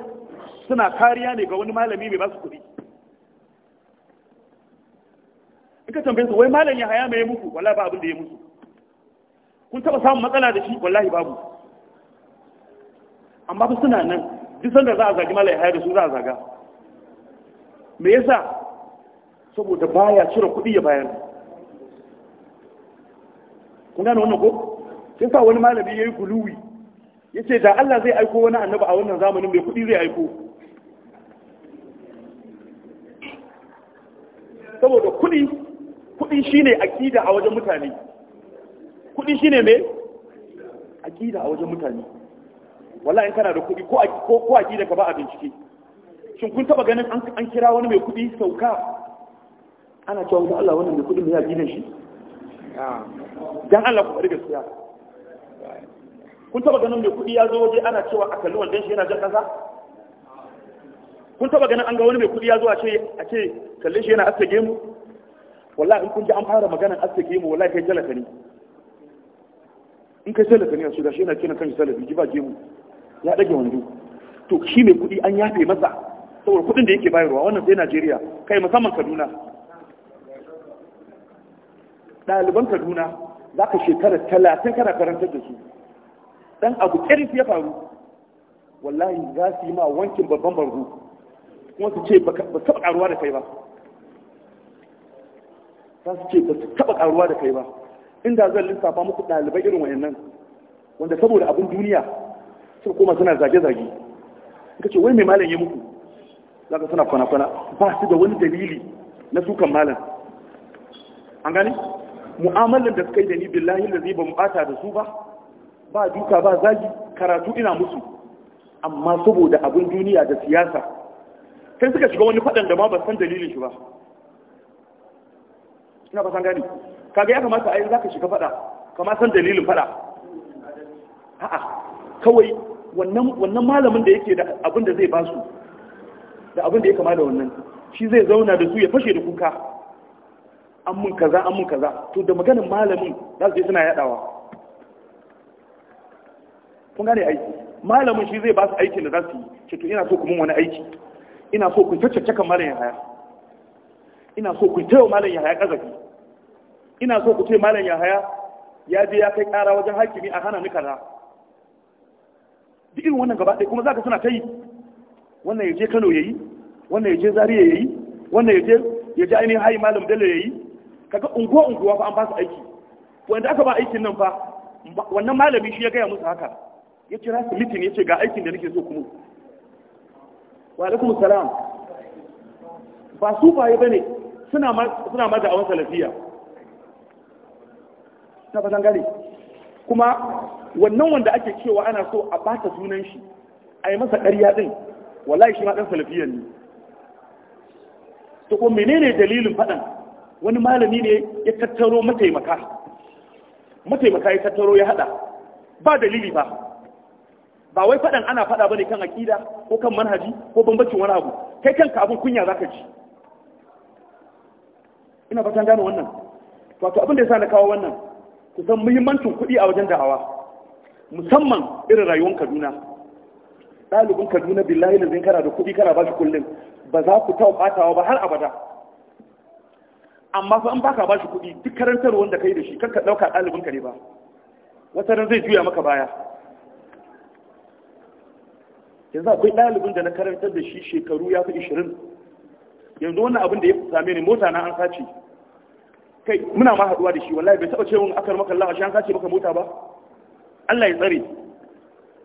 suna kariya ne ga wani malami mai su kuɗi in ka tambaye su wai malam ya haya mai muku wallahi ba abin da ya musu kun taɓa samun matsala da shi wallahi babu amma ba suna nan duk sanda za a zagi malai haya da su za a zaga me yasa saboda baya cire kuɗi ya bayar kun gane wannan ko sai sa wani malami yayi guluwi yace da Allah zai aiko wani annabi a wannan zamanin mai kuɗi zai aiko saboda kuɗi kuɗi shine akida a wajen mutane kuɗi shine me akida a wajen mutane wallahi in kana da kuɗi ko ko ko akida ka ba a bincike shin kun taba ganin an kira wani mai kuɗi sauka ana cewa wani Allah wannan mai kuɗi mai gina shi dan Allah ku riga siya kun taba ganin mai kuɗi ya zo waje ana cewa a kalli wannan shi yana jan kasa kun taba ganin an ga wani mai kuɗi ya zo a ce a ce kalle shi yana aske gemu wallahi in kun ji an fara maganar aske gemu wallahi kai jalaka ne in kai talaka ne a shi gashi yana kiran kanshi salafi ji ba gemu ya ɗage wando to shi mai kuɗi an yafe masa saboda kuɗin da yake bayarwa wannan sai najeriya kai musamman kaduna ɗaliban kaduna za ka shekara talatin kana karantar da su ɗan abu ƙarfi ya faru wallahi za su yi ma wankin babban bargo kuma su ce ba taɓa ƙaruwa da kai ba za su ce ba su taɓa ƙaruwa da kai ba inda zan lissafa muku ɗalibai irin wayannan wanda saboda abin duniya sun koma suna zage-zage ka ce wai mai malam ya muku za ka suna kwana-kwana ba su da wani dalili na sukan malam an gani mu'amalan da suka yi da ni billahi da zai ba mu bata da su ba ba duka ba zagi karatu ina musu amma saboda abin duniya da siyasa sai suka shiga wani faɗan da ma ba san dalilin shi ba ina ba san gani kaga ya kamata a yi za ka shiga faɗa kama san dalilin faɗa a'a kawai wannan malamin da yake da abin da zai ba su da abin da ya kama da wannan shi zai zauna da su ya fashe da kuka an mun kaza an mun kaza to da maganin malamin za su yi suna yadawa kun gane aiki malamin shi zai ba su aikin da za su yi ce to ina so ku wani aiki ina so ku tattace kan malam yahaya ina so ku tayo malam yahaya kazafi ina so ku ce malam yahaya ya je ya kai kara wajen hakimi a hana ni kaza duk irin wannan gaba ɗaya kuma zaka suna ta yi wannan ya je Kano yayi wannan ya je Zaria yayi wannan ya je ainihin hayi malam Bello yayi kaga unguwa unguwa fa an ba su aiki wanda aka ba aikin nan fa wannan malami shi ya gaya musu haka ya kira su mitin ya ce ga aikin da nake so kuma wa alaikum salam ba su baye ba suna suna ma da awan salafiya ta ba gane kuma wannan wanda ake cewa ana so a bata sunan shi a yi masa ƙarya ɗin wallahi shi ma ɗan salafiyan ne to kuma menene dalilin faɗan wani malami ne ya tattaro mataimaka mataimaka ya tattaro ya haɗa ba dalili ba ba wai faɗan ana faɗa ba ne kan aƙida ko kan manhaji ko bambancin wani abu kai kanka abin kunya za ka ji ina fatan gano wannan wato abin da ya sa na kawo wannan kusan muhimmancin kuɗi a wajen da'awa musamman irin rayuwar kaduna ɗalibin kaduna billahi da zin kana da kuɗi kana ba shi kullum ba za ku taɓa ɓatawa ba har abada amma fa an baka ba shi kuɗi duk karantar wanda kai da shi kanka ɗauka ɗalibinka ne ba wata ran zai juya maka baya yanzu akwai ɗalibin da na karantar da shi shekaru ya fi ishirin yanzu wannan abin da ya same ni mota na an sace kai muna ma haɗuwa da shi wallahi bai taɓa ce mun akar maka Allah a shi an sace maka mota ba Allah ya tsare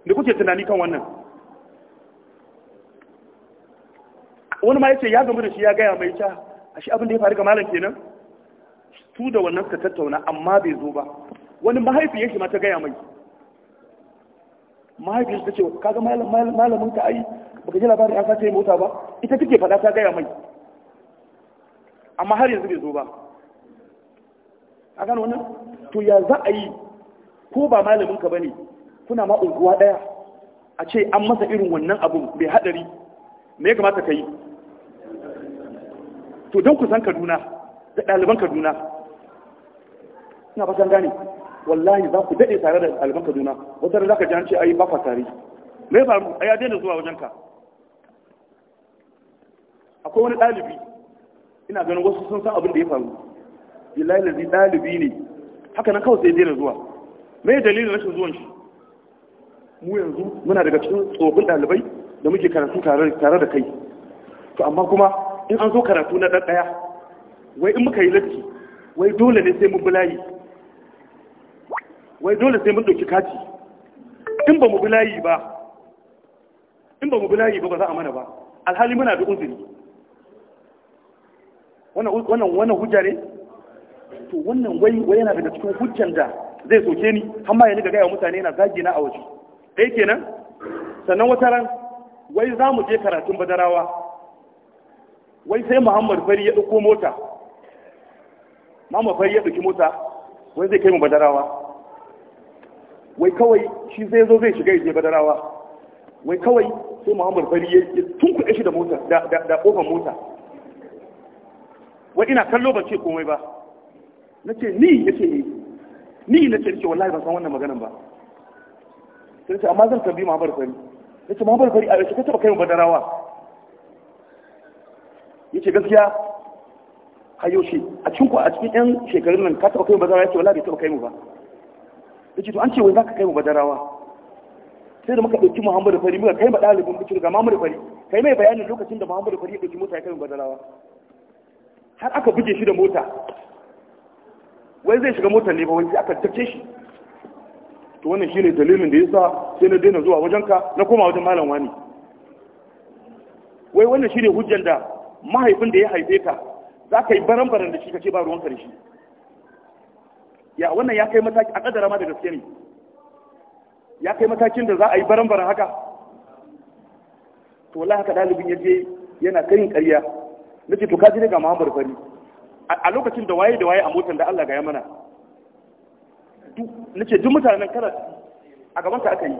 da kuke tunani kan wannan wani ma yace ya gamu da shi ya gaya mai ta a shi abin da ya faru ga malam kenan su da wannan ka tattauna amma bai zo ba wani mahaifiyar shi ma ta gaya mai mahaifiyar ta ce kaga malamin ka ai baka ji labarin an sace mota ba ita take faɗa ta gaya mai amma har yanzu bai zo ba a gano wannan to ya za a yi ko ba malamin ka bane kuna ma unguwa daya a ce an masa irin wannan abu bai hadari me ya kamata ka yi to don ku san kaduna da ɗaliban kaduna ina ba san gane wallahi za ku daɗe tare da ɗaliban kaduna wata za ka ji an ce ayi ba fa tare me faru a ya daina zuwa wajen ka akwai wani ɗalibi ina ganin wasu sun san abin da ya faru billahi lazi ɗalibi ne haka nan kawai sai ya daina zuwa me dalilin rashin zuwan shi mu yanzu muna daga cikin tsofin ɗalibai da muke karatu tare da kai to amma kuma in an zo karatu na ɗan ɗaya wai in muka yi latti wai dole ne sai mun bulayi wai dole sai mun ɗauki kati in ba mu bulayi ba in ba mu bulayi ba ba za a mana ba alhali muna da uzuri wannan wannan hujja ne to wannan wai yana daga cikin hujjan da zai soke ni amma ya riga gaya mutane na zagi na a waje dai kenan sannan wata ran wai za mu je karatun badarawa wai sai muhammad fari ya ɗauko mota mama fari ya ɗauki mota wai zai kai mu badarawa wai kawai shi zai zo zai shiga je badarawa wai kawai sai muhammad fari ya tunkuɗe shi da mota da ƙofar mota wai ina kallo ba ce komai ba na ce ni ya ce ni eh. ni na ce ce wallahi ban san wannan maganan ba sai ce amma zan tambayi bar Fari yace bar Fari a yace ka taba kai mu badarawa yace gaskiya hayo shi a cikin ku a cikin yan shekarun nan ka taba kai mu badarawa yace wallahi bai taba kai mu ba yace to an ce wai zaka kai mu badarawa sai da muka dauki Muhammad Fari muka kai ba dalibin bikir ga Muhammad Fari kai mai bayanin lokacin da Muhammad Fari ya ɗauki mota ya kai mu badarawa har aka buje shi da mota wai zai shiga motar ne ba wai aka tace shi to wannan shine dalilin da yasa sai na daina zuwa wajenka na koma wajen malam wani wai wannan shine hujjar da mahaifin da ya haife ka za ka yi baran-baran da shi ka ce ba ruwan karshe ya wannan ya kai mataki a kadara ma da gaske ne ya kai matakin da za a yi baran-baran haka to wallahi haka dalibin ya je yana karin ƙarya nace to ka ji ne ga Muhammadu Fari a lokacin da waye da waye a motar da Allah ga ya mana ce duk mutanen kana a gaban ka aka yi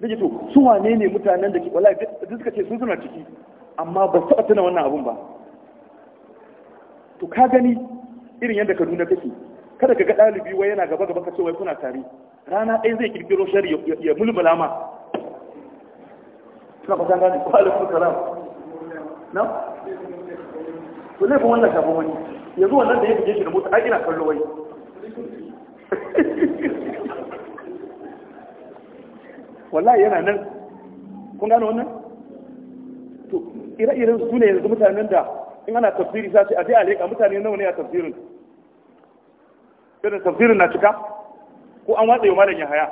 nake to su wane ne mutanen da ke wala duk suka ce sun suna ciki amma ba su taɓa tuna wannan abun ba to ka gani irin yadda Kaduna kake kada ka ga ɗalibi wai yana gaba gaba ka ce wai suna tare rana ɗaya zai kirkiro shari ya mulmula ma suna kusan gane ko alaikum na to laifin wannan kafin wani yanzu wannan da ya buge shi da mota ai ina kallo wai wallahi yana nan kun gano wannan to ire-iren su ne yanzu mutanen da in ana tafsiri za su aje a leƙa mutane nawa ne a tafsirin irin tafsirin na cika ko an watsa yau malam ya haya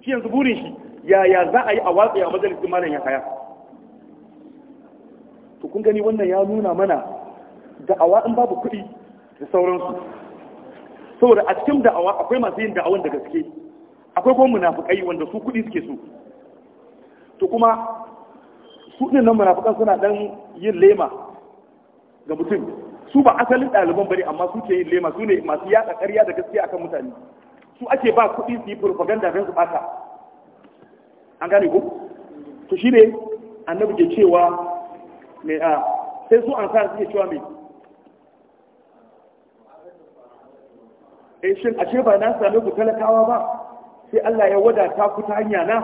shi yanzu burin shi yaya za a yi a watsa a majalisin malam ya haya to kun gani wannan ya nuna mana da'awa in babu kuɗi da sauransu saboda a cikin da'awa akwai masu yin da'awan da gaske akwai kuma munafukai wanda su kuɗi suke so to kuma su ɗin nan munafukan suna ɗan yin lema ga mutum su ba asalin ɗaliban bane amma su ke yin lema su ne masu yaɗa ƙarya da gaske akan mutane su ake ba kuɗi su yi propaganda don su ɓata an gane ko to shine annabi ke cewa mai a sai su an sa suke cewa mai eh shin ashe ba na sami ku talakawa ba sai Allah ya wadata ku ta hanya na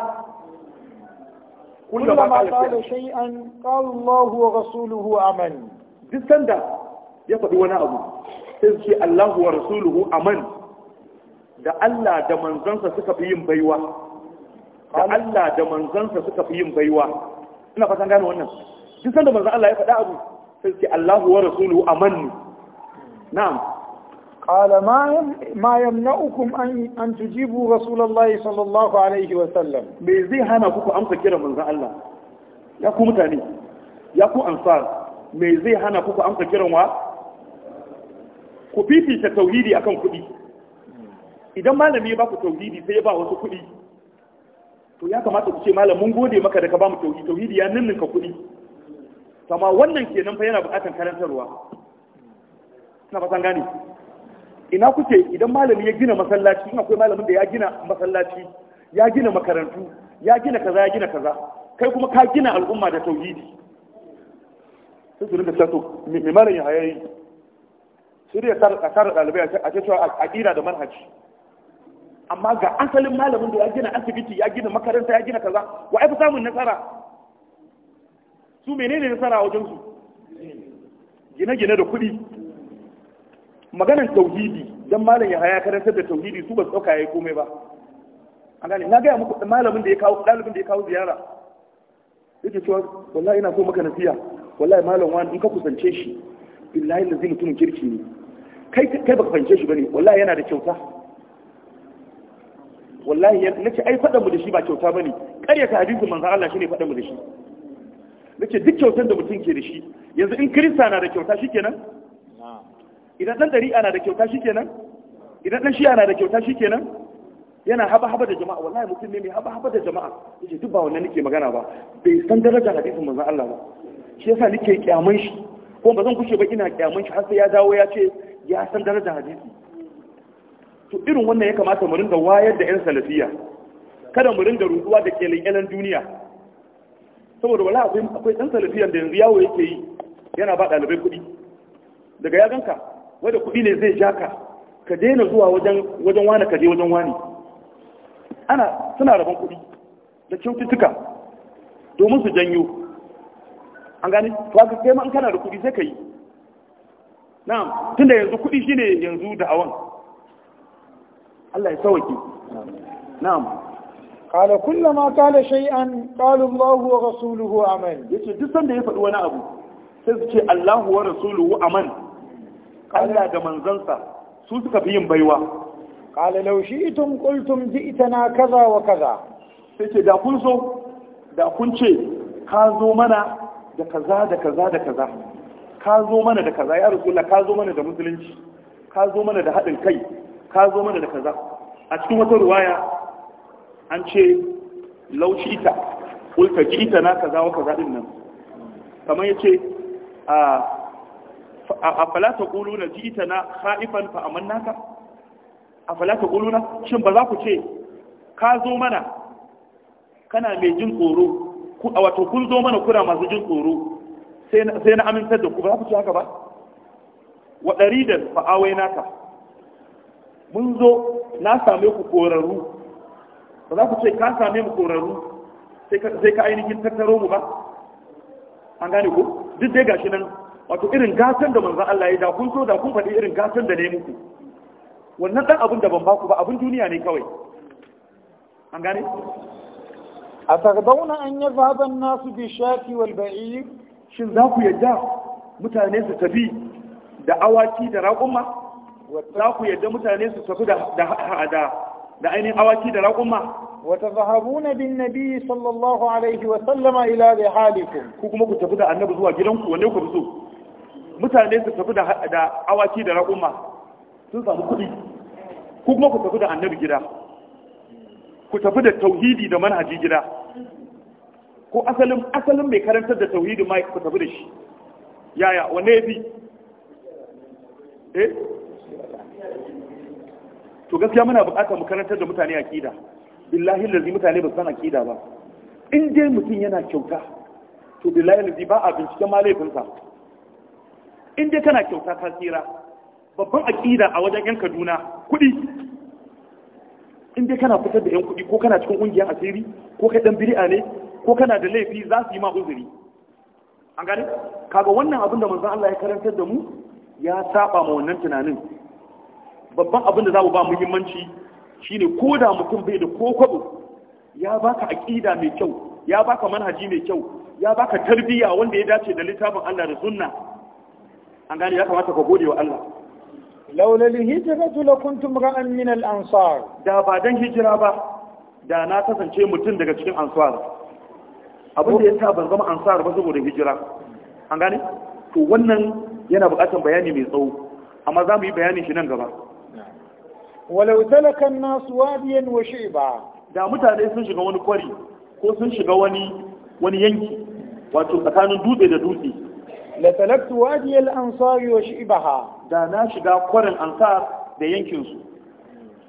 kullama qala shay'an qala Allah wa rasuluhu aman duk sanda ya faɗi wani abu sai ce Allahu wa rasuluhu aman da Allah da manzansa suka fi yin baiwa da Allah da manzansa suka fi yin baiwa ina fatan gane wannan duk sanda manzon Allah ya faɗa abu sai ce Allahu wa rasuluhu aman na'am قال ما ما يمنعكم ان ان تجيبوا رسول الله صلى الله عليه وسلم me zai hana ku amsa kiran manzon Allah ya كو mutane ya كو انصار me zai hana ku amsa kiran wa ku fifita tauhidi akan kuɗi idan malami ya baku tauhidi sai ya ba wasu kuɗi to ya kamata ku ce malam gode maka da ka ba mu tauhidi ya kuɗi wannan kenan fa yana buƙatar karantarwa ina gani. ina kuke idan malami ya gina masallaci in akwai malamin da ya gina masallaci ya gina makarantu ya gina kaza ya gina kaza kai kuma ka gina al'umma da tauhidi sai su rinka cewa to me ya hayayi sai dai a tsara ɗalibai a ce cewa ƙira da manhaji amma ga asalin malamin da ya gina asibiti ya gina makaranta ya gina kaza wa ai samun nasara su menene nasara wajen su gine-gine da kuɗi maganan tauhidi dan malam ya haya karantar da tauhidi su ba su dauka yayi komai ba an gane na gaya muku malamin da ya kawo dalibin da ya kawo ziyara yake cewa wallahi ina so maka nasiya wallahi malam wani in ka kusance shi billahi lazim mutumin kirki ne kai kai baka fahimce shi bane wallahi yana da kyauta wallahi nace ai fada mu da shi ba kyauta bane ƙarya ta hadisin manzo Allah shine fada mu da shi nace duk kyautar da mutum ke da shi yanzu in kirista na da kyauta shikenan idan ɗan ɗari ana da kyauta shi kenan idan ɗan shi ana da kyauta shi kenan yana haba haba da jama'a wallahi mutum ne mai haba haba da jama'a yace duk ba wannan nake magana ba bai san darajar hadisin manzon Allah ba shi yasa nake kyaman shi ko ba zan kushe ba ina kyaman shi har sai ya dawo ya ce ya san darajar hadisi to irin wannan ya kamata mu ringa wayar da yan salafiya kada mu ringa ruduwa da kelen duniya saboda wala akwai akwai dan salafiyan da yanzu yawo yake yi yana ba dalibai kuɗi daga ya ganka wanda kuɗi ne zai ja ka ka daina zuwa wajen wani ka je wajen wani ana suna rabon kuɗi da kyaututtuka domin su janyo an gani to haka kai ma in kana da kuɗi sai ka yi na'am tunda yanzu kuɗi shine yanzu da awon. Allah ya sauke na'am قال da shai an قال wa rasuluhu امن yace duk sanda ya faɗi wani abu sai su ce Allahu wa rasuluhu aman Allah da manzansa su suka fi yin baiwa itun kultum ji ita na kaza wa kaza sai da kun so da kun ce ka zo mana da kaza da kaza da kaza ka zo mana da kaza ya rasulullah ka zo mana da musulunci ka zo mana da haɗin kai ka zo mana da kaza a cikin wata ruwaya an ce laushi ita kulta ji ita na kaza wa kaza din nan kamar yace a ah, afala ta ita na haifan fa naka? afala ta na, shin ba za ku ce ka zo mana kana mai jin tsoro ku a wato kun zo mana kura masu jin tsoro sai na amintar da ku ba za ku ce haka ba wa da fa’awai naka mun zo na same ku korarru ba za ku ce ka same mu korarru sai ka ainihin tattaro mu ba an gane ku duk dai gashi nan wato irin gasar da manzan Allah ya da kun so da kun faɗi irin gasar da ne muku wannan ɗan abin da ban baku ba abin duniya ne kawai an gane a tarbauna an yi zaben nasu bi shafi wal ba'i shin za ku yadda mutane su tafi da awaki da raƙumma za ku yadda mutane su tafi da ainihin awaki da raƙumma وتذهبون بالنبي صلى الله da وسلم الى رحالكم كوكما كنت تفدا النبي زوا gidanku wanne ku so? mutane su tafi da awaki da raƙuma sun samu kuɗi ku kuma ku tafi da annabi gida ku tafi da tauhidi da manhaji gida ko asalin asalin mai karantar da tauhidi ma ku tafi da shi yaya wanne ya fi eh to gaskiya muna buƙatar mu karantar da mutane akida billahi lazi mutane ba san akida ba in dai mutum yana kyauta to billahi lazi ba a binciken ma in dai kyauta ka tsira babban aƙida a wajen yan kaduna kuɗi in dai kana fitar da yan kuɗi ko kana cikin ƙungiyar asiri ko kai ɗan biri'a ne ko kana da laifi za su yi ma uzuri an gani, kaga wannan abin da manzan Allah ya karantar da mu ya saba ma wannan tunanin babban abin da za mu ba muhimmanci shine ko da mutum bai da ko kwabo ya baka aƙida mai kyau ya baka manhaji mai kyau ya baka tarbiyya wanda ya dace da littafin Allah da sunna an gane ya kamata ka gode wa Allah laula alhijratu lakuntum ra'an min al-ansar da ba dan hijira ba da na kasance mutum daga cikin ansar abin da yasa ban zama ansar ba saboda hijira an gane to wannan yana buƙatar bayani mai tsawo amma za mu yi bayanin shi nan gaba walau talaka nasu wadiyan wa shi'ba da mutane sun shiga wani kwari ko sun shiga wani wani yanki wato tsakanin dutse da dutse la talabtu wadi al-ansar wa shibaha da na shiga kwarin ansar da yankin su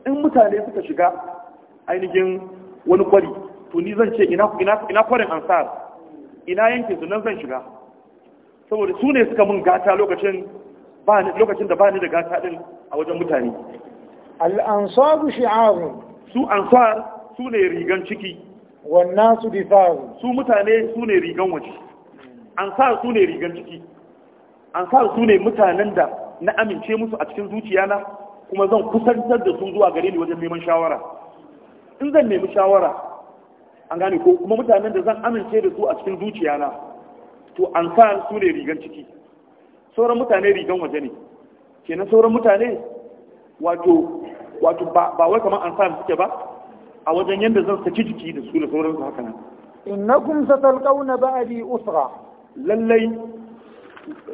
in mutane suka shiga ainihin wani kwari to ni zan ce ina ina ina kwarin ansar ina yankin su nan zan shiga saboda su ne suka mun gata lokacin ba ni lokacin da ba ni da gata din a wajen mutane al-ansar shi'arun su ansar su ne rigan ciki wannan su difaru su mutane su ne rigan waje ansar su ne rigan ciki ansar su ne mutanen da na amince musu a cikin zuciyana kuma zan kusantar da sun zuwa gare ni wajen neman shawara in zan nemi shawara an gane ko kuma mutanen da zan amince da su a cikin zuciyana to ansar su ne rigan ciki sauran mutane rigan waje ne kenan sauran mutane wato wato ba wai kamar ansar suke ba a wajen yadda zan saki jiki da su da sauransu haka nan innakum satalqawna ba'di usra lallai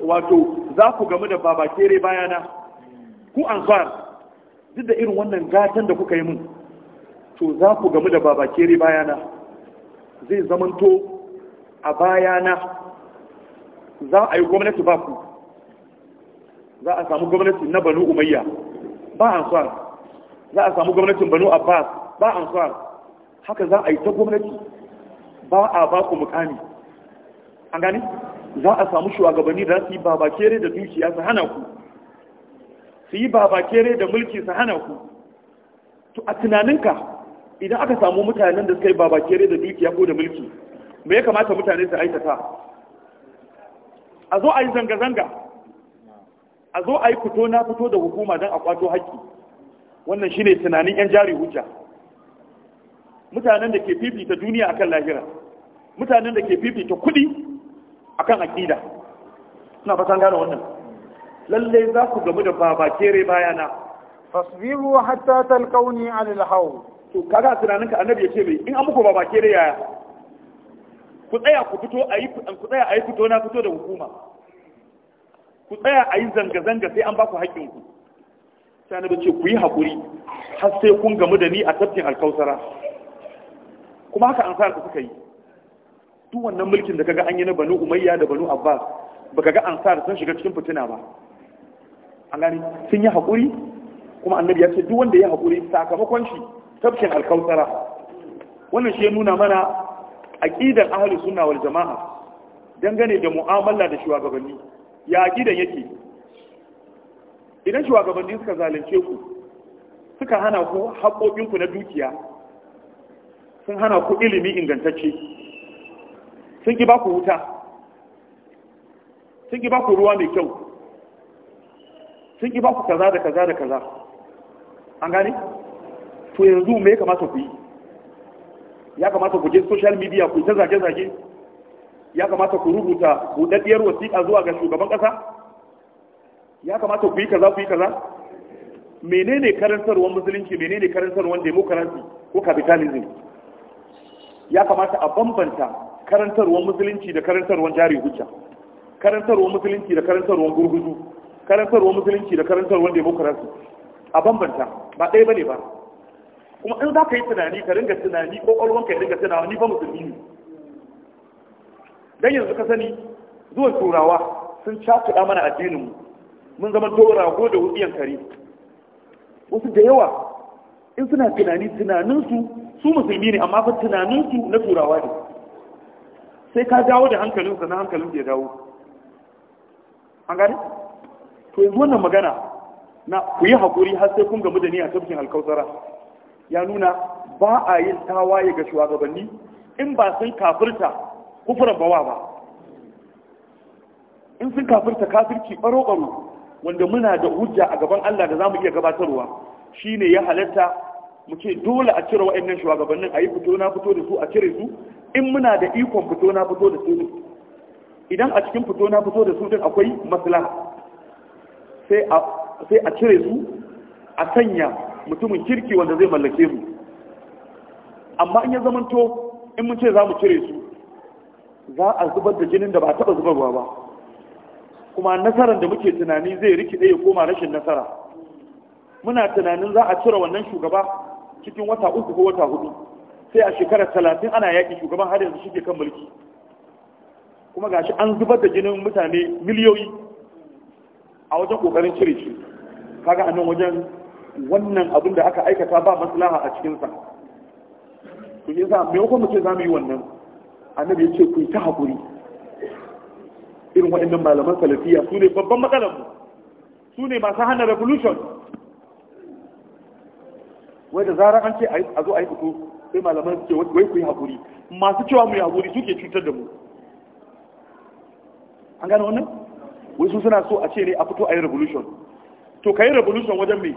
wato za ku gamu da baba kere bayana ku ansar duk da irin wannan gatan da kuka yi mun to za ku gamu da baba kere bayana zai zamanto a bayana za a yi gwamnati ba ku za a samu gwamnati na banu umayya ba ansar za a samu gwamnatin banu abbas ba ansar haka za a yi ta gwamnati ba a ba ku mukami an gane za a samu shugabanni da su yi babakere da dukiya su hana ku su yi babakere da mulki su hana ku to a tunaninka idan aka samu mutanen da suka yi babakere da dukiya ko da mulki me ya kamata mutane su aikata a zo a yi zanga-zanga a zo a yi fito na fito da hukuma don a kwato haƙƙi wannan shine tunanin 'yan jari hujja mutanen da ke fifita duniya akan lahira mutanen da ke fifita kuɗi akan aƙida suna fasan gane wannan lallai za ku gamu da baba kere bayana fasbiru hatta talqauni alal hawl to kaga tunanin ka annabi yace mai in an muku baba kere yaya ku tsaya ku fito ayi ku tsaya ayi fito na fito da hukuma ku tsaya ayi zanga zanga sai an ba ku haƙƙin ku sai annabi ce ku yi hakuri har sai kun gamu da ni a tafkin alkausara kuma haka ansar ku suka yi duk wannan mulkin da kaga an yi na banu umayya da banu abbas baka ga ansar sun shiga cikin fitina ba an gani sun yi haƙuri kuma annabi ya ce duk wanda ya haƙuri sakamakon shi tafkin alkautara wannan shi ya nuna mana aqidar ahli sunna wal jamaa dangane da mu'amala da shugabanni ya aqidan yake idan shugabanni suka zalunce ku suka hana ku haƙoƙinku na dukiya sun hana ku ilimi ingantacce sun ki ba ku wuta sun ki ba ku ruwa mai kyau sun ki ba ku kaza da kaza da kaza an gane to yanzu me ya kamata ku yi ya kamata ku je social media ku ta zage-zage ya kamata ku rubuta buɗaɗɗiyar wasiƙa zuwa ga shugaban ƙasa ya kamata ku yi kaza ku yi kaza menene karantarwar musulunci menene karantarwar demokarasi ko capitalism ya kamata a bambanta karantarwar musulunci da karantarwar jari hujja karantarwar musulunci da karantarwar gurguzu karantarwar musulunci da karantarwar demokarasi a bambanta ba ɗaya ba ne ba kuma in za ka yi tunani ka ringa tunani ko ƙwaƙwalwar ka ringa tunawa ni ba musulmi ne Don yanzu ka sani zuwan turawa sun cakuɗa mana addininmu mun zama tora rago da wutsiyan kare wasu da yawa in suna tunani tunaninsu su musulmi ne amma fa tunaninsu na turawa ne sai ka dawo da hankalin sannan hankalin ya dawo an gane to yanzu wannan magana na ku yi haƙuri har sai kun gamu da ni a tafkin ya nuna ba a yin tawaye ga shugabanni in ba sun kafirta kufuran bawa ba in sun kafirta kafirci baro-baro wanda muna da hujja a gaban Allah da za mu iya gabatarwa shine ya halatta mu ce dole a cire wa'annan shugabannin a yi fito na fito da su a cire su in muna da ikon fito na fito da su idan a cikin fito na fito da su din akwai masala sai a cire su a sanya mutumin kirki wanda zai mallake su amma in ya zamanto in mun ce za mu cire su za a zubar da jinin da ba a taɓa zubarwa ba kuma nasarar da muke tunani zai rikide ya koma rashin nasara muna tunanin za a cire wannan shugaba cikin wata uku ko wata hudu sai a shekarar talatin ana yaƙi shugaban har yanzu shige kan mulki kuma gashi an zubar da jinin mutane miliyoyi a wajen ƙoƙarin cire shi kaga a nan wajen wannan abin da aka aikata ba maslaha a cikinsa to yasa me yau mu ce za mu yi wannan annabi ya ce ku ta hakuri. irin waɗannan malaman salafiya su ne babban matsalar mu su ne masu hana revolution wai da zarar an ce a zo a yi fito sai malaman suke wai ku yi haƙuri masu cewa mu yi haƙuri suke cutar da mu an gane wannan wai su suna so a ce ne a fito a yi revolution to ka yi revolution wajen me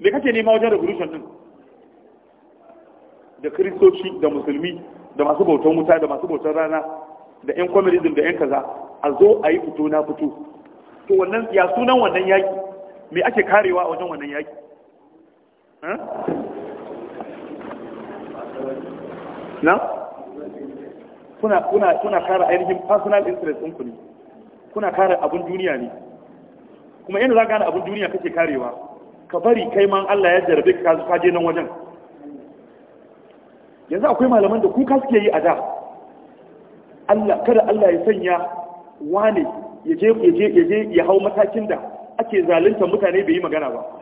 me kake nema wajen revolution din da kiristoci da musulmi da masu bautan wuta da masu bautan rana da yan communism da yan kaza a zo a yi fito na fito to wannan ya sunan wannan yaki me ake karewa wajen wannan yaki na kuna kuna kuna kara ainihin personal interest din ku ne kuna kara abun duniya ne kuma yadda za ka gane abun duniya kake karewa ka bari kai man Allah ya jarabe ka ka je nan wajen yanzu akwai malaman da kuka suke yi a da Allah kada Allah ya sanya wane ya je ya je ya hau matakin da ake zalunta mutane bai yi magana ba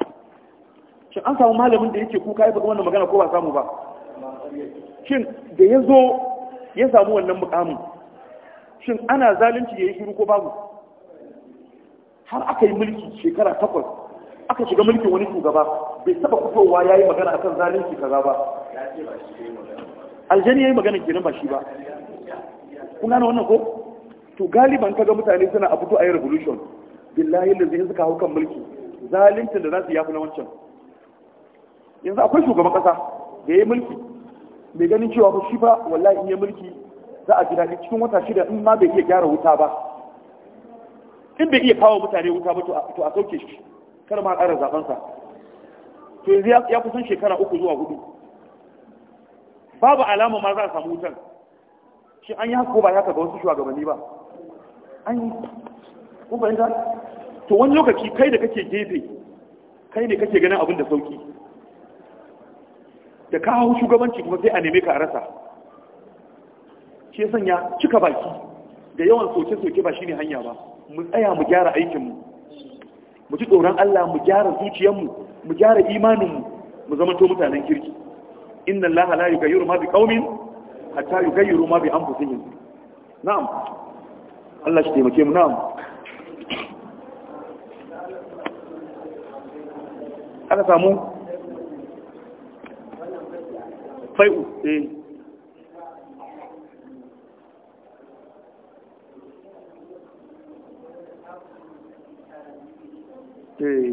shin an samu malamin da yake kuka ya faɗi wannan magana ko ba samu ba shin da ya zo ya samu wannan mukamin shin ana zalunci ya yi shiru ko babu har aka yi mulki shekara takwas aka shiga mulkin wani shugaba bai saba fitowa ya yi magana akan zalunci kaza ba aljani ya yi magana kenan ba shi ba kun gane wannan ko to galiban kaga mutane suna a fito a yi revolution billahi da zai suka hau kan mulki zalunci da za su yafi na wancan yanzu akwai shugaban kasa da ya mulki mai ganin cewa ba shi ba wallahi in ya mulki za a jira cikin wata shida in ma bai iya gyara wuta ba in bai iya kawo mutane wuta ba to a sauke shi kar ma ƙara sa to yanzu ya kusan shekara uku zuwa hudu babu alama ma za a samu wutan shi an yi haka ko ba haka ga wasu shugabanni ba an yi ko fahimta to wani lokaci kai da kake gefe kai ne kake ganin abin da sauki da ka hau shugabanci kuma sai a neme ka a rasa ke sanya cika baki da yawan soke-soke ba shine hanya ba mu tsaya mu gyara aikinmu mu ji tsoron Allah mu gyara zuciyarmu mu gyara imaninmu mu zama to mutanen kirki inna Allah la yughayyiru ma biqaumin hatta yughayyiru ma bi anfusihim na'am Allah shi taimake mu na'am aka samu bai'u eh. eh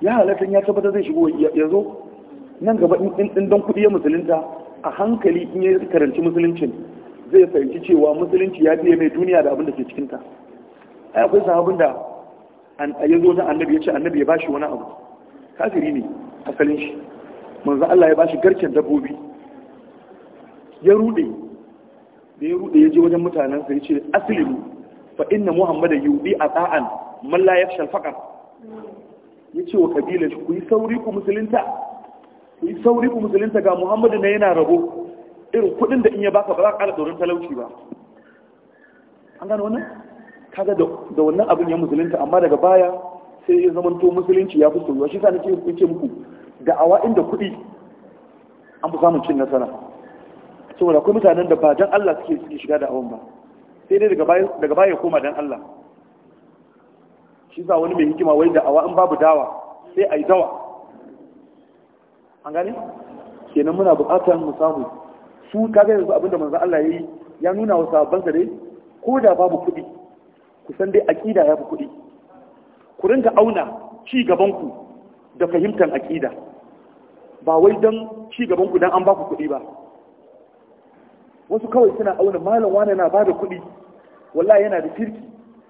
ya halatta ya tabbatar zai shigo ya zo nan gaba in don kudi ya musulunta a hankali in ya karanci musuluncin zai fahimci cewa musulunci ya fiye mai duniya da abin da ke cikinta ai akwai sahabin da ya zo na annabi ya ce annabi ya bashi wani abu kafiri ne asalin shi manzo Allah ya bashi garken dabbobi ya rude da ya rude ya je wajen mutanen sa ce aslimu fa inna muhammada yubi ata'an man la yakhsha Ya ce wa kabila ku yi sauri ku musulunta ku yi sauri ku musulunta ga muhammadu ne yana rabo irin kudin da in ya baka ba za ka ƙara tsoron talauci ba an gano wannan kaga da wannan abin ya musulunta amma daga baya sai ya zama to musulunci ya fi soyuwa shi sa nake yake muku da'awa inda kuɗi an fi samun cin nasara saboda kuma mutanen da ba dan Allah suke suke shiga da awon ba sai dai daga baya daga baya koma dan Allah shi sa wani mai hikima wai da'awa in babu dawa sai ai dawa an gane kenan muna buƙatar mu samu su kaga yanzu abinda manzo Allah yi ya nuna wa sahabban dai ko da babu kuɗi ku san dai akida ya fi kuɗi ku rinka auna ci gaban da fahimtar akida ba wai don ci gabanku ku dan an baku ku kuɗi ba wasu kawai suna auna malam wani na bada kuɗi wallahi yana da kirki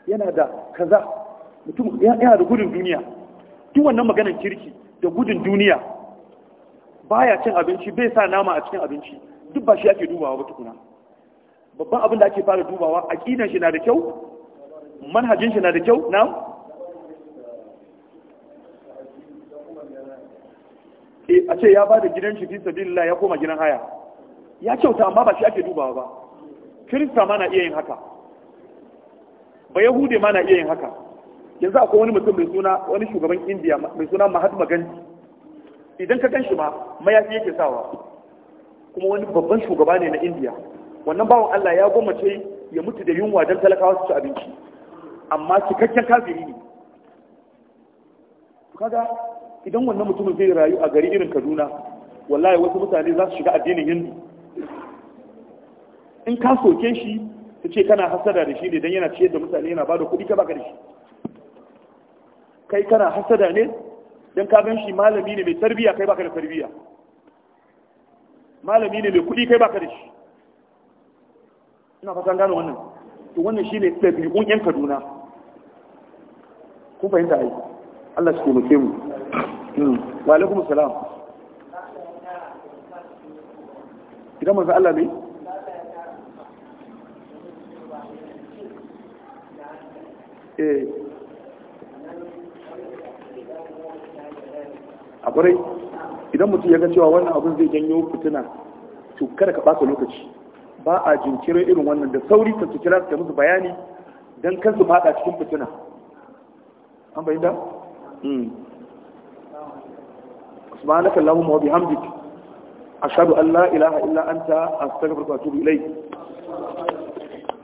yana da kaza mutum yana da gudun duniya duk wannan maganar kirki da gudun duniya baya cin abinci bai sa nama a cikin abinci duk ba shi ake dubawa ba tukuna babban abin da ake fara dubawa a ƙinan shi na da kyau manhajin shi na da kyau na e eh, a ce ya bada gidan shi fi sabilillah ya koma gidan haya ya kyauta amma ba shi ake dubawa ba kirista ma na iya yin haka ba yahude ma na iya yin haka yanzu akwai wani mutum mai suna wani shugaban indiya mai suna mahatma gandhi idan ka gan shi ma mayafi yake sawa kuma wani babban shugaba ne na indiya wannan bawan allah ya gwammace ya mutu da yunwa don talakawa su ci abinci amma cikakken kafiri ne kaga idan wannan mutumin zai rayu a gari irin kaduna wallahi wasu mutane za su shiga addinin hindu in ka soke shi ta ce kana hasada da shi ne don yana ciyar da mutane yana ba da kuɗi ka baka da shi kai kana hasada ne don ka gan shi malami ne mai tarbiya kai baka da tarbiya malami ne mai kudi kai baka da shi ina fatan gano wannan to wannan shine ɗabi'un yan kaduna kun fahimta ai Allah shi taimake mu hmm. wa alaikum salam idan manzo Allah ne eh a idan mutum ya ga cewa wannan abin zai janyo fitina to kada ka ɓata lokaci ba a jinkirin irin wannan da sauri ka kira su musu bayani don kan su faɗa cikin fitina an bayin da? Hmm. subhanaka allahumma wa bihamdik ashhadu an la ilaha illa anta astaghfiruka wa atubu ilayk